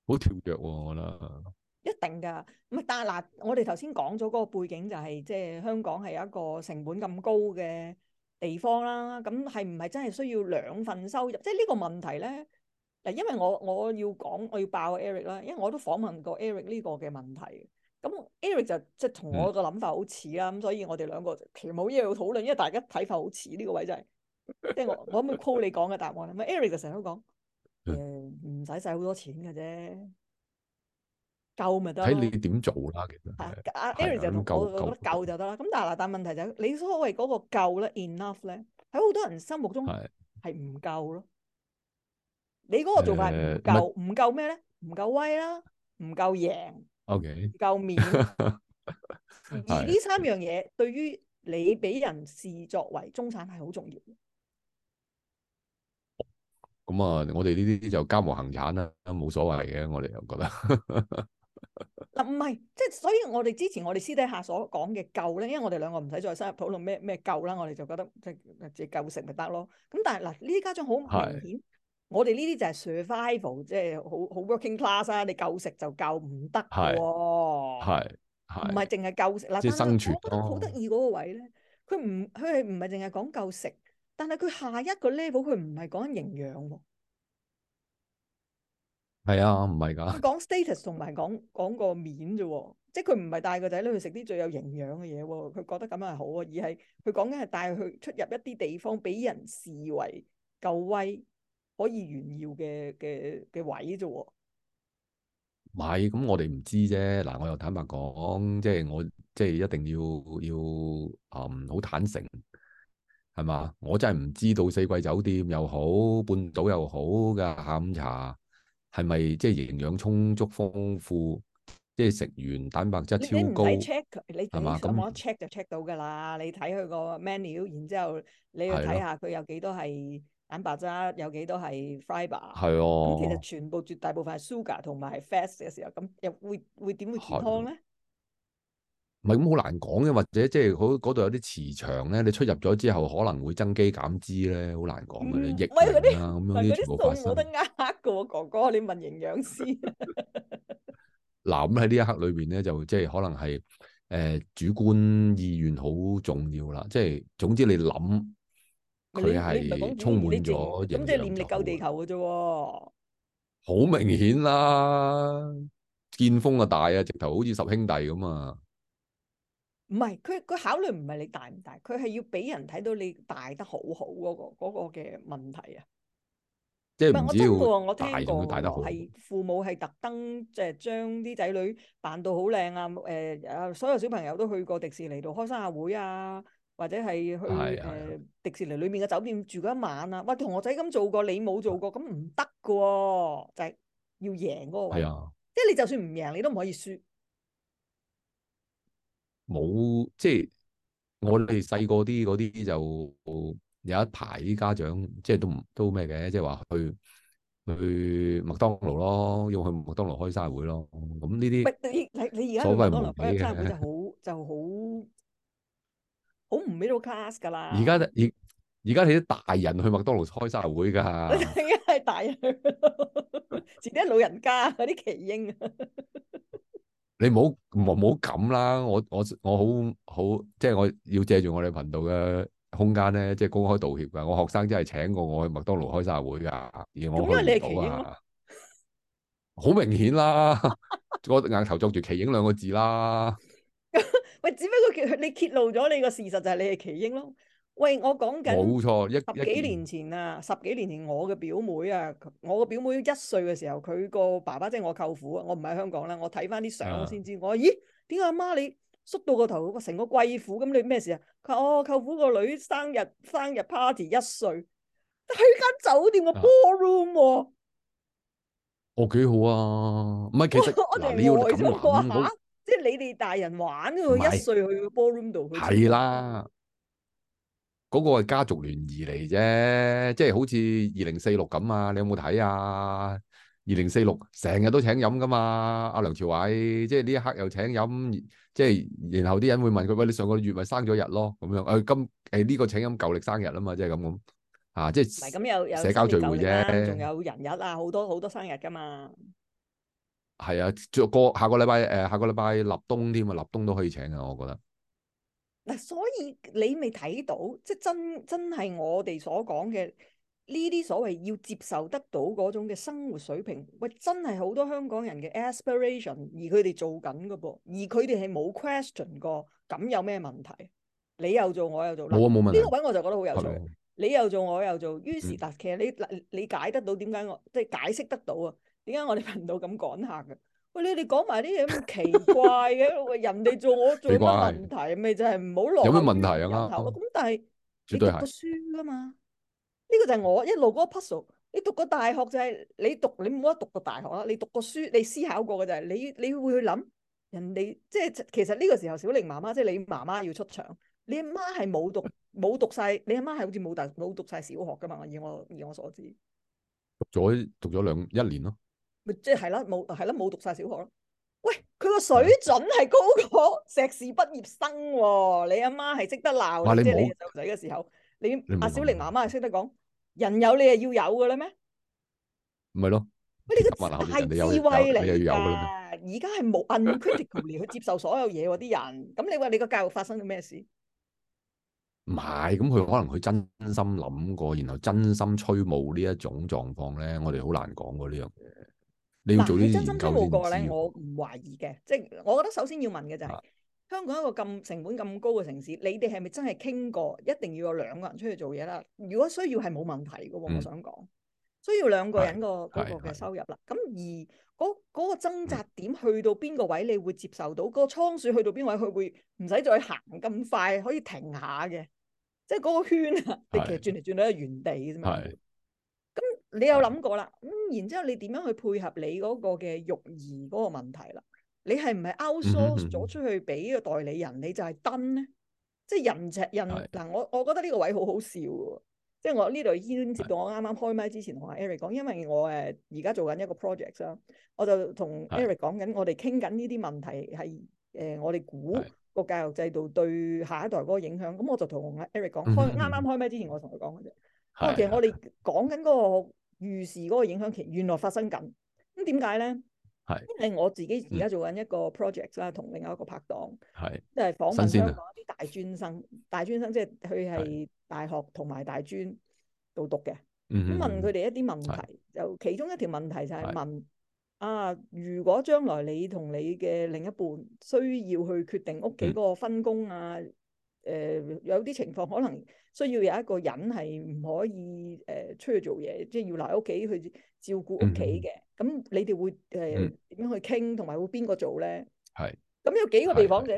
好跳躍喎，我覺得。一定㗎，唔係但嗱，但我哋頭先講咗嗰個背景就係即係香港係一個成本咁高嘅地方啦。咁係唔係真係需要兩份收入？即係呢個問題咧。嗱，因為我我要講我要爆 Eric 啦，因為我都訪問過 Eric 呢個嘅問題。咁 Eric 就即係同我個諗法好似啦。咁、嗯、所以我哋兩個其實冇咩要討論，因為大家睇法好似呢個位真係、就係。即係我，我可唔可以 call 你講嘅答案咧？咪 Eric 就成日都講，誒，唔使使好多錢嘅啫，夠咪得咯。睇你點做啦，其實係啊，Eric 就講得夠就得啦。咁但係嗱，但係問題就係，你所謂嗰個夠咧，enough 咧，喺好多人心目中係唔夠咯。你嗰個做法係唔夠，唔夠咩咧？唔夠威啦，唔夠贏，OK，夠面。而呢三樣嘢，對於你俾人視作為中產，係好重要咁啊，我哋呢啲就家無恆產啦，都冇所謂嘅。我哋又覺得嗱、啊，唔係即係，所以我哋之前我哋私底下所講嘅夠咧，因為我哋兩個唔使再深入討論咩咩夠啦，我哋就覺得即係自己夠食咪得咯。咁但係嗱，呢、啊、啲家長好明顯，是我哋呢啲就係 survival，即係好好 working class 啊。你夠食就夠唔得嘅喎，係係唔係淨係夠食即係？啊、生存好得意嗰個位咧，佢唔佢係唔係淨係講夠食？但係佢下一個 level，佢唔係講營養喎，係啊，唔係噶。佢講 status 同埋講講個面啫，即係佢唔係帶個仔女去食啲最有營養嘅嘢喎，佢覺得咁樣係好啊，而係佢講緊係帶佢出入一啲地方，俾人視為夠威可以炫耀嘅嘅嘅位啫。唔係咁，我哋唔知啫。嗱，我又坦白講，即係我即係一定要要啊，好坦誠。係嘛？我真係唔知道四季酒店又好，半島又好嘅下午茶，係咪即係營養充足豐富，即係食完蛋白質超高？你唔使 check，你咁我 check 就 check 到噶啦。你睇佢個 menu，然之後你去睇下佢有幾多係蛋白質，的有幾多係 fibre。係哦。其實全部絕大部分係 sugar 同埋係 fast 嘅時候，咁又會會點會健康咧？唔係咁好難講嘅，或者即係嗰度有啲磁場咧，你出入咗之後可能會增肌減脂咧，好難講嘅，逆境啦咁樣啲情況冇得呃嘅喎，哥哥，你問營養師。嗱咁喺呢一刻裏邊咧，就即係可能係誒、呃、主觀意願好重要啦。即係總之你諗佢係充滿咗營養，咁即係念力救地球嘅啫喎。好 明顯啦，見風就大啊，直頭好似十兄弟咁啊！唔係，佢佢考慮唔係你大唔大，佢係要俾人睇到你大得好好、嗰個、嗰個、嗰個嘅問題啊。即係唔止要。大，唔係，我聽過，我聽過，咁大得好。係父母係特登即係將啲仔女扮到好靚啊！誒、呃、誒，所有小朋友都去過迪士尼度開生日會啊，或者係去誒的、呃、迪士尼裏面嘅酒店住一晚啊。喂，同學仔咁做過，你冇做過咁唔得噶喎，就係、是、要贏噶喎。係啊的。即係你就算唔贏，你都唔可以輸。冇，即係我哋細個啲嗰啲就有一排啲家長，即係都唔都咩嘅，即係話去去麥當勞咯，要去麥當勞開生日會咯。咁呢啲所謂麥當勞嘅生日會就好就好好唔 middle class 噶啦。而家而而家你啲大人去麥當勞開生日會㗎，已經係大人，自 己老人家嗰啲奇英。 你唔好唔好咁啦，我我我好好即係我要借住我哋頻道嘅空間咧，即係公開道歉噶。我學生真係請過我去麥當勞開生日會噶，而我冇嚟到啊，好明顯啦， 我硬頭捉住奇英兩個字啦。喂， 只不過叫你揭露咗你個事實就係你係奇英咯。喂，我講緊冇錯，十幾年前啊，十幾年前我嘅表妹啊，我嘅表妹一歲嘅時候，佢個爸爸即係我舅父啊，我唔係喺香港啦，我睇翻啲相先知，嗯、我話咦，點解阿媽你縮到個頭，成個貴婦咁？你咩事啊？佢話我舅父個女生日生日 party 一歲，喺間酒店個 ball room 喎。哦，幾、啊嗯嗯哦、好啊，唔係其實我、啊、你要咁啊，即係你哋大人玩噶，一歲去 ball room 度，係啦。嗰個係家族聯誼嚟啫，即係好似二零四六咁啊！你有冇睇啊？二零四六成日都請飲噶嘛？阿梁朝偉即係呢一刻又請飲，即係然後啲人會問佢：喂、哎，你上個月咪生咗日咯？咁樣誒、哎，今誒呢、哎這個請飲舊歷生日啊嘛，即係咁咁嚇，即係唔係咁又有社交聚會啫？仲有，有、啊、有人日啊，好多好多生日噶嘛。係啊，著個下個禮拜誒，下個禮拜立冬添啊，立冬都可以請啊，我覺得。嗱，所以你未睇到，即真真係我哋所講嘅呢啲所謂要接受得到嗰種嘅生活水平，喂，真係好多香港人嘅 aspiration，而佢哋做緊㗎噃，而佢哋係冇 question 過咁有咩問題？你又做，我又做，冇我冇問題。呢個位我就覺得好有趣。Hello. 你又做，我又做，於是嗱，嗯、其實你你解得到點解我即係解釋得到啊？點解我哋頻道咁趕客嘅？喂，你哋講埋啲嘢咁奇怪嘅，喂， 人哋做我做乜問題？咪就係唔好落。有乜問題啊？咁但係你讀過書噶嘛？呢個就係我一路嗰個 puzzle。你讀過大學就係、是、你讀，你冇得讀過大學啦。你讀過書，你思考過嘅就係你，你會去諗人哋。即係其實呢個時候，小玲媽媽，即係你媽媽要出場。你阿媽係冇讀冇 讀晒，你阿媽係好似冇讀冇讀晒小學噶嘛？以我以我所知，讀咗讀咗兩一年咯。咪即係啦，冇係啦，冇讀晒小學咯。喂，佢個水準係高過碩士畢業生喎。你阿媽係識得鬧你，即係你細路仔嘅時候，你阿小玲媽媽係識得講，人有你係要有嘅咧咩？唔係囉，喂，你個大智慧嚟噶。而家係冇 uncritically 去接受所有嘢，啲人咁你話你個教育發生咗咩事？唔係，咁佢可能佢真心諗過，然後真心吹毛呢一種狀況咧，我哋好難講過呢樣嘢。你，你真心都冇過咧，我唔懷疑嘅。即、就、係、是、我覺得首先要問嘅就係、是、是香港一個咁成本咁高嘅城市，你哋係咪真係傾過？一定要有兩個人出去做嘢啦。如果需要係冇問題㗎喎，嗯、我想講需要兩個人是個嗰個嘅收入啦。咁是而嗰嗰、那個掙、那個、扎點去到邊個位，你會接受到是個倉鼠去到邊位，佢會唔使再行咁快，可以停下嘅。即係嗰個圈、啊，你其實轉嚟轉去喺原地啫嘛。是你有諗過啦，咁、嗯、然之後你點樣去配合你嗰個嘅育兒嗰個問題啦？你係唔係 outsource 咗出去俾個代理人？Mm hmm. 你就係登咧，即係人石人嗱、mm hmm.。我我覺得呢個位好好笑喎，即係我呢度牽涉到我啱啱開麥之前同阿 Eric 講，因為我誒而家做緊一個 project 啦、呃。我就同 Eric 講緊，我哋傾緊呢啲問題係誒我哋估個教育制度對下一代嗰個影響。咁、mm hmm. 我就同阿 Eric 講，開啱啱開麥之前我同佢講嘅啫。不過其實我哋講緊嗰個。，預示嗰個影響期，原來發生緊。咁點解咧？為呢是因為我自己而家做緊一個 project 啦、嗯，同另外一個拍檔，即係是訪問香港一啲大專生。大專生即係佢係大學同埋大專度讀嘅。咁、嗯、哼問佢哋一啲問題。嗯、哼就其中一條問題就係問、嗯、哼啊，如果將來你同你嘅另一半需要去決定屋企嗰個分工啊？嗯誒，有啲情況可能需要有一個人係唔可以，誒出去做嘢，即係要留喺屋企去照顧屋企嘅。咁你哋會誒點樣去傾，同埋會邊個做咧？係。咁有幾個被訪者，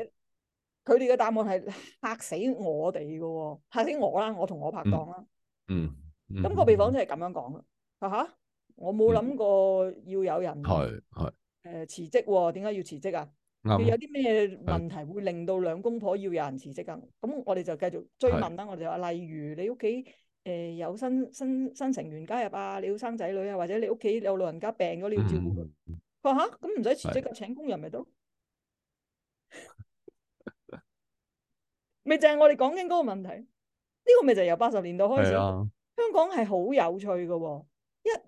佢哋嘅答案係嚇死我哋嘅喎，嚇死我啦，我同我拍檔啦。嗯。咁個被訪者係咁樣講啦。啊哈！我冇諗過要有人係係。誒辭職喎？點解要辭職啊？佢有啲咩問題會令到兩公婆要有人辭職啊？咁我哋就繼續追問啦。是的 我哋話，例如你屋企誒有新新新成員加入啊，你要生仔女啊，或者你屋企有老人家病咗，你要照顧佢。佢話吓，咁唔使辭職嘅，是的 請工人咪都？咪就係我哋講緊嗰個問題。呢、呢個咪就由八十年代開始，對啊、香港係好有趣嘅喎。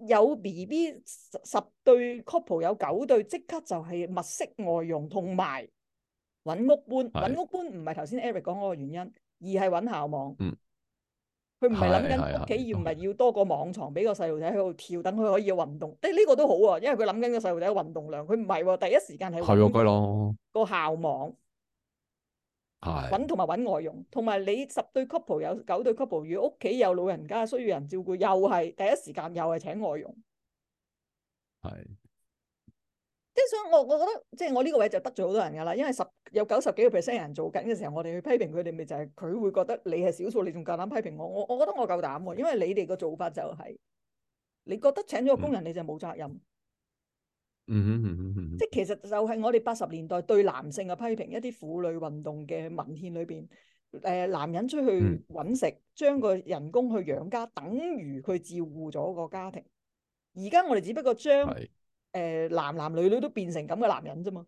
一有 BB 十十對 couple 有九對，即刻就係物色外傭，同埋揾屋搬。揾是屋搬唔係頭先 Eric 講嗰個原因，而係揾校網。嗯，佢唔係諗緊屋企，是是是是要唔係要多個網床俾個細路仔喺度跳，等佢可以運動。即係呢個都好啊，因為佢諗緊個細路仔運動量。佢唔係喎，第一時間喺係咯個校網。係揾，同埋揾外傭，同埋你十對 couple 有九對 couple，如果屋企有老人家需要人照顧，又係第一時間又係請外傭。係是，即係所以，我我覺得即係我呢個位就得罪好多人噶啦，因為十有九十幾個 percent 人做緊嘅時候，我哋去批評佢哋，咪就係、是、佢會覺得你係少數，你仲夠膽批評我？我我覺得我夠膽，因為你哋個做法就係、是，你覺得請咗個工人你就冇責任。嗯嗯嗯嗯嗯即係其實就係我哋八十年代對男性嘅批評，一啲婦女運動嘅文獻裏邊，誒、呃，男人出去揾食，將個人工去養家，等於佢照顧咗個家庭。而家我哋只不過將誒是、呃、男男女女都變成咁嘅男人啫嘛。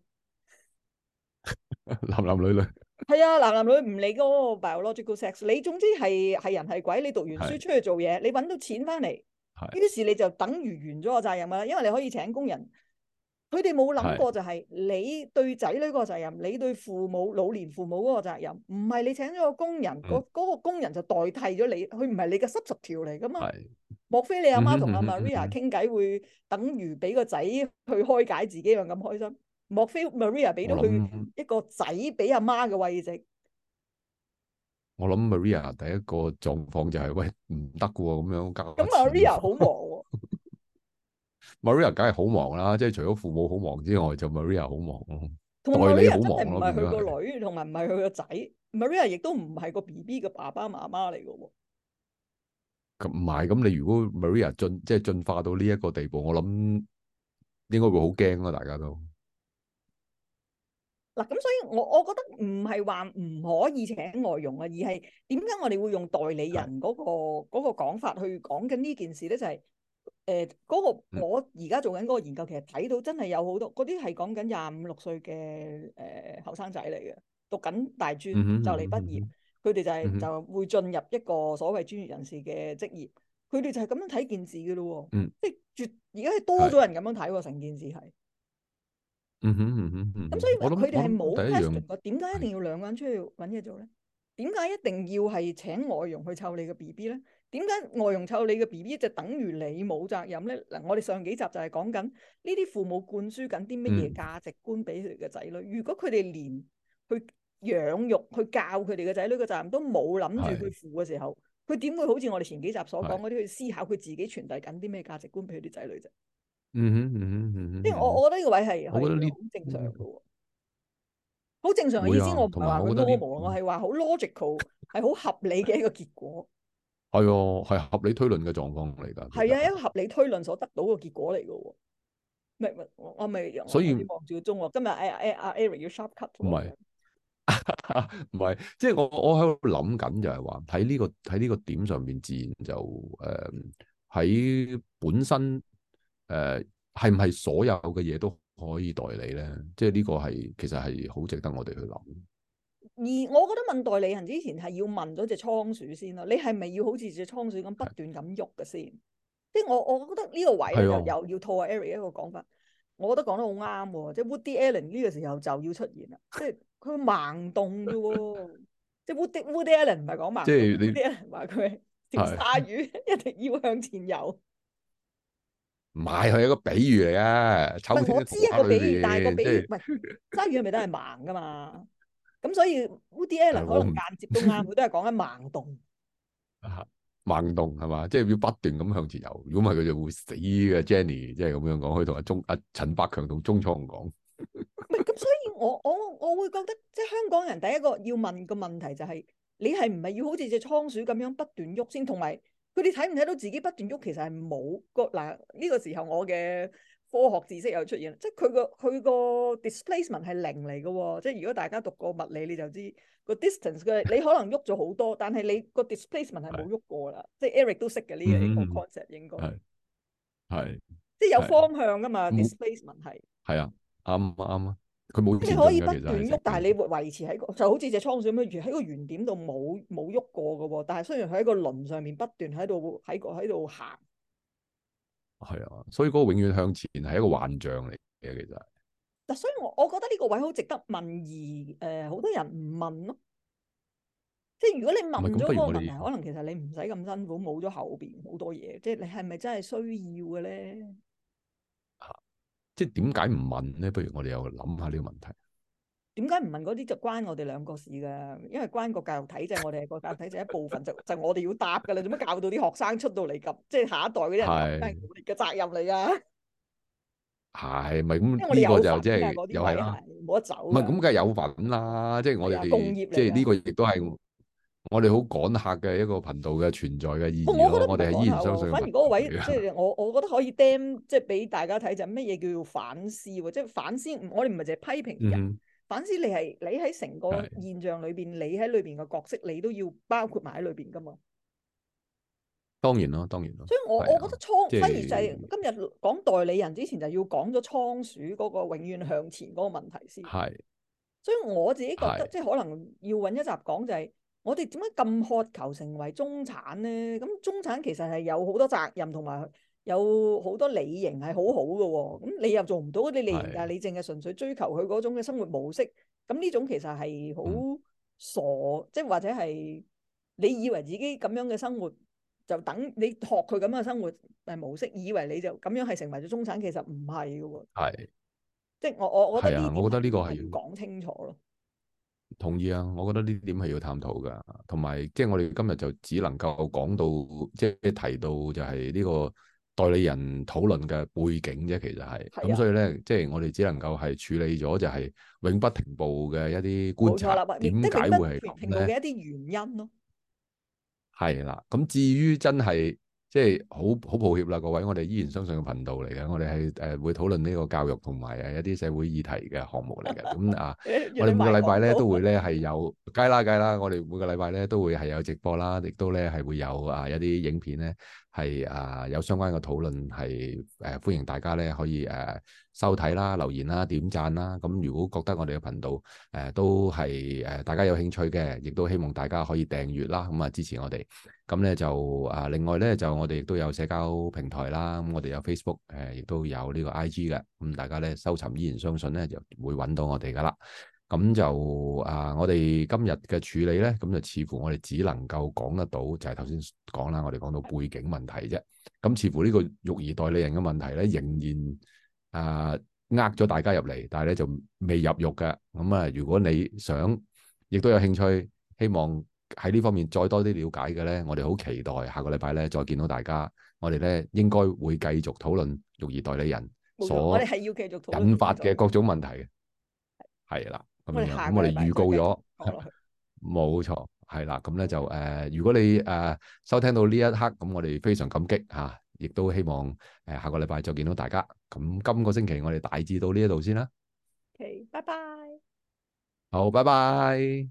男男女女係啊，男男女女唔理嗰個 biological sex，你總之係係人係鬼，你讀完書出去做嘢，是你揾到錢翻嚟，呢啲事你就等於完咗個責任啦，因為你可以請工人。佢哋冇諗過就係你對仔女嗰個責任，是你對父母老年父母嗰個責任，唔係你請咗個工人，嗰、嗯嗰個工人就代替咗你，佢唔係你嘅膝頭條嚟噶嘛？是莫非你阿媽同阿 Maria 傾偈會等於俾個仔去開解自己咁咁開心？莫非 Maria 俾到佢一個仔俾阿媽嘅位置？我諗 Maria 第一個狀況就係、是、喂唔得噶喎，咁樣教咁 Maria 好忙。 Maria 梗係好忙啦，即係除咗父母好忙之外，就 Maria 好忙咯。代理好忙咯。唔係佢個女，同埋唔係佢個仔。Maria 亦都唔係個 BB 嘅爸爸媽媽嚟嘅喎。咁唔係咁，你如果 Maria 進即係進化到呢一個地步，我諗應該會好驚咯。大家都嗱咁，所以我我覺得唔係話唔可以請外傭啊，而係點解我哋會用代理人嗰個嗰個講法去講緊呢件事咧？就係。誒，嗰個我而家做緊嗰個研究，其實睇到真係有好多，嗰啲係講緊廿五六歲嘅誒後生仔嚟嘅，讀緊大專就嚟畢業，佢哋就係就會進入一個所謂專業人士嘅職業，佢哋就係咁樣睇件事嘅咯，即係而家係多咗人咁樣睇喎，成件事係。嗯哼。咁所以佢哋係冇 passion 嘅，點解一定要兩個人出去搵嘢做咧？點解一定要係請外傭去湊你嘅 B B 咧？點解外傭湊你嘅 BB 就等於你冇責任咧？嗱，我哋上幾集就係講緊呢啲父母灌輸緊啲乜嘢價值觀俾佢哋嘅仔女。如果佢哋連去養育、去教佢哋嘅仔女嘅責任都冇諗住去負嘅時候，佢點會好似我哋前幾集所講嗰啲去思考佢自己傳遞緊啲咩價值觀俾佢啲仔女啫？嗯嗯嗯嗯。因為我我覺得呢個位係好正常嘅，好正常嘅意思。我唔係話佢多無，我係話好 logical，係好合理嘅一個結果。係哦，係合理推論嘅狀況嚟噶。係啊，一個合理推論所得到嘅結果嚟噶。明唔明？我咪所以黃兆忠今日哎呀哎呀，Eric 要 sharp cut。唔係，唔 係，即係我我喺度諗緊就係話，喺呢、這個喺呢個點上邊，自然就誒喺、uh, 本身誒係唔係所有嘅嘢都可以代理咧？即係呢個係其實係好值得我哋去諗。而我覺得問代理人之前係要問咗隻倉鼠先咯，你係咪要好似隻倉鼠咁不斷咁喐嘅先？的即係我我覺得呢個位就有的又要套阿 Eric 一個講法，我覺得講得好啱喎。即係 Woody Allen 呢個時候就要出現啦，即係佢盲動啫喎。即係 Woody Woody Allen 唔係講盲動，啲人話佢條鯊魚一定要向前游，唔係佢係一個比喻嚟嘅。我知一個比喻，但係個比喻唔係 鯊魚係咪都係盲噶嘛？ 咁、嗯、所以 Woody Allen 可能間接不都啱，佢都係講緊盲動。啊， 盲動係嘛？即係要不斷咁向前游。如果唔係佢就會死嘅。Jenny 即係咁樣講，佢同阿鐘阿陳百強同中創講。唔係咁，所以我我我會覺得，即係香港人第一個要問個問題就係、是，你係唔係要好似隻倉鼠咁樣不斷喐先？同埋佢哋睇唔睇到自己不斷喐？其實係冇個嗱呢個時候我嘅。科學知識又出現，即係佢個佢個 displacement 係零嚟嘅喎，即係如果大家讀過物理你就知個 distance 佢你可能喐咗好多，但係你個 displacement 係冇喐過啦。即係 Eric 都識嘅呢一個 concept 應該係，即係有方向㗎嘛，displacement 係，係啊，啱啱啊，佢冇即係可以不斷喐，但係你維持喺個就好似隻倉鼠咁樣，喺個原點度冇冇喐過嘅喎，但係雖然佢喺個輪上面不斷喺度喺個喺度行。係啊，所以嗰個永遠向前係一個幻象嚟嘅。其實嗱，所以我我覺得呢個位好值得問，而誒，好多人唔問咯。即係如果你問咗個問題，可能其實你唔使咁辛苦，冇咗後邊好多嘢。即係你係咪真係需要嘅咧？啊，即係點解唔問咧？不如我哋又諗下呢個問題。點解唔問嗰啲就關我哋兩個事噶？因為關個教育體制，我哋係個教育體制一部分，就就我哋要答噶啦。做乜教到啲學生出到嚟咁？即係下一代嗰啲人嘅責任嚟噶。係咪咁？呢個就即係又係冇得走。唔係咁梗係有份啦。即係我哋即係呢個亦都係我哋好趕客嘅一個頻道嘅存在嘅意義咯。我哋係依然相信。反而嗰位即係我，我覺得可以釘，即係俾大家睇就係乜嘢叫做反思？即係反思，我哋唔係淨係批評人。反之，你係你喺成個現象裏邊，是你喺裏邊嘅角色，你都要包括埋喺裏邊噶嘛當？當然咯，當然咯。所以我的我覺得倉的反而就係今日講代理人之前，就要講咗倉鼠嗰個永遠向前嗰個問題先。係是。所以我自己覺得，是即係可能要揾一集講就係、是，我哋點解咁渴求成為中產咧？咁中產其實係有好多責任同埋。有好多理型係好好嘅，哦，咁你又做唔到嗰啲理型啊。的但係你淨係純粹追求佢嗰種嘅生活模式，咁呢種其實係好傻，即係、嗯、或者係你以為自己咁樣嘅生活就等你學佢咁樣嘅生活誒模式，以為你就咁樣係成為咗中產，其實唔係嘅喎。係的，即係我我我係啊，我覺得呢個係要講清楚咯。同意啊，我覺得呢點係要探討嘅，同埋即係我哋今日就只能夠講到，即係提到就係呢、這個。代理人討論嘅背景啫，其實係咁，係嘅，所以咧，即係我哋只能夠係處理咗就係永不停步嘅一啲觀察，點解會係咁咧？永不停步嘅一啲原因咯，係啦。咁至於真係。即係好好抱歉啦，各位，我哋依然相信個頻道嚟嘅，我哋係誒會討論呢個教育同埋啊一啲社會議題嘅項目嚟嘅。咁 啊， 我哋每個禮拜咧都會咧係有，梗啦，梗啦，我哋每個禮拜咧都會係有直播啦，亦都咧係會有啊一啲影片咧係啊有相關嘅討論，係誒、啊、歡迎大家咧可以誒、啊、收睇啦、留言啦、點讚啦。咁如果覺得我哋嘅頻道誒、呃、都係誒大家有興趣嘅，亦都希望大家可以訂閱啦，咁啊支持我哋。咁咧就啊，另外咧就我哋亦都有社交平台啦。咁我哋有 Facebook，誒、啊、亦都有呢個 IG 嘅。咁、啊、大家咧搜尋伊研相信咧，就會揾到我哋㗎啦。咁就啊，我哋今日嘅處理咧，咁就似乎我哋只能夠講得到，就係頭先講啦。我哋講到背景問題啫。咁似乎呢個育兒代理人嘅問題咧，仍然啊呃咗大家入嚟，但係咧就未入獄嘅。咁啊，如果你想，亦都有興趣，希望。喺呢方面再多啲了解嘅咧，我哋好期待下個禮拜咧再見到大家。我哋咧應該會繼續討論育兒代理人所引發嘅各種問題嘅，係啦咁樣。咁我哋預告咗，冇、嗯、錯係啦。咁、嗯、咧就誒、呃，如果你誒、呃、收聽到呢一刻，咁我哋非常感激嚇，亦、啊、都希望誒、呃、下個禮拜再見到大家。咁今個星期我哋大致到呢一度先啦。OK，拜拜。好，拜拜。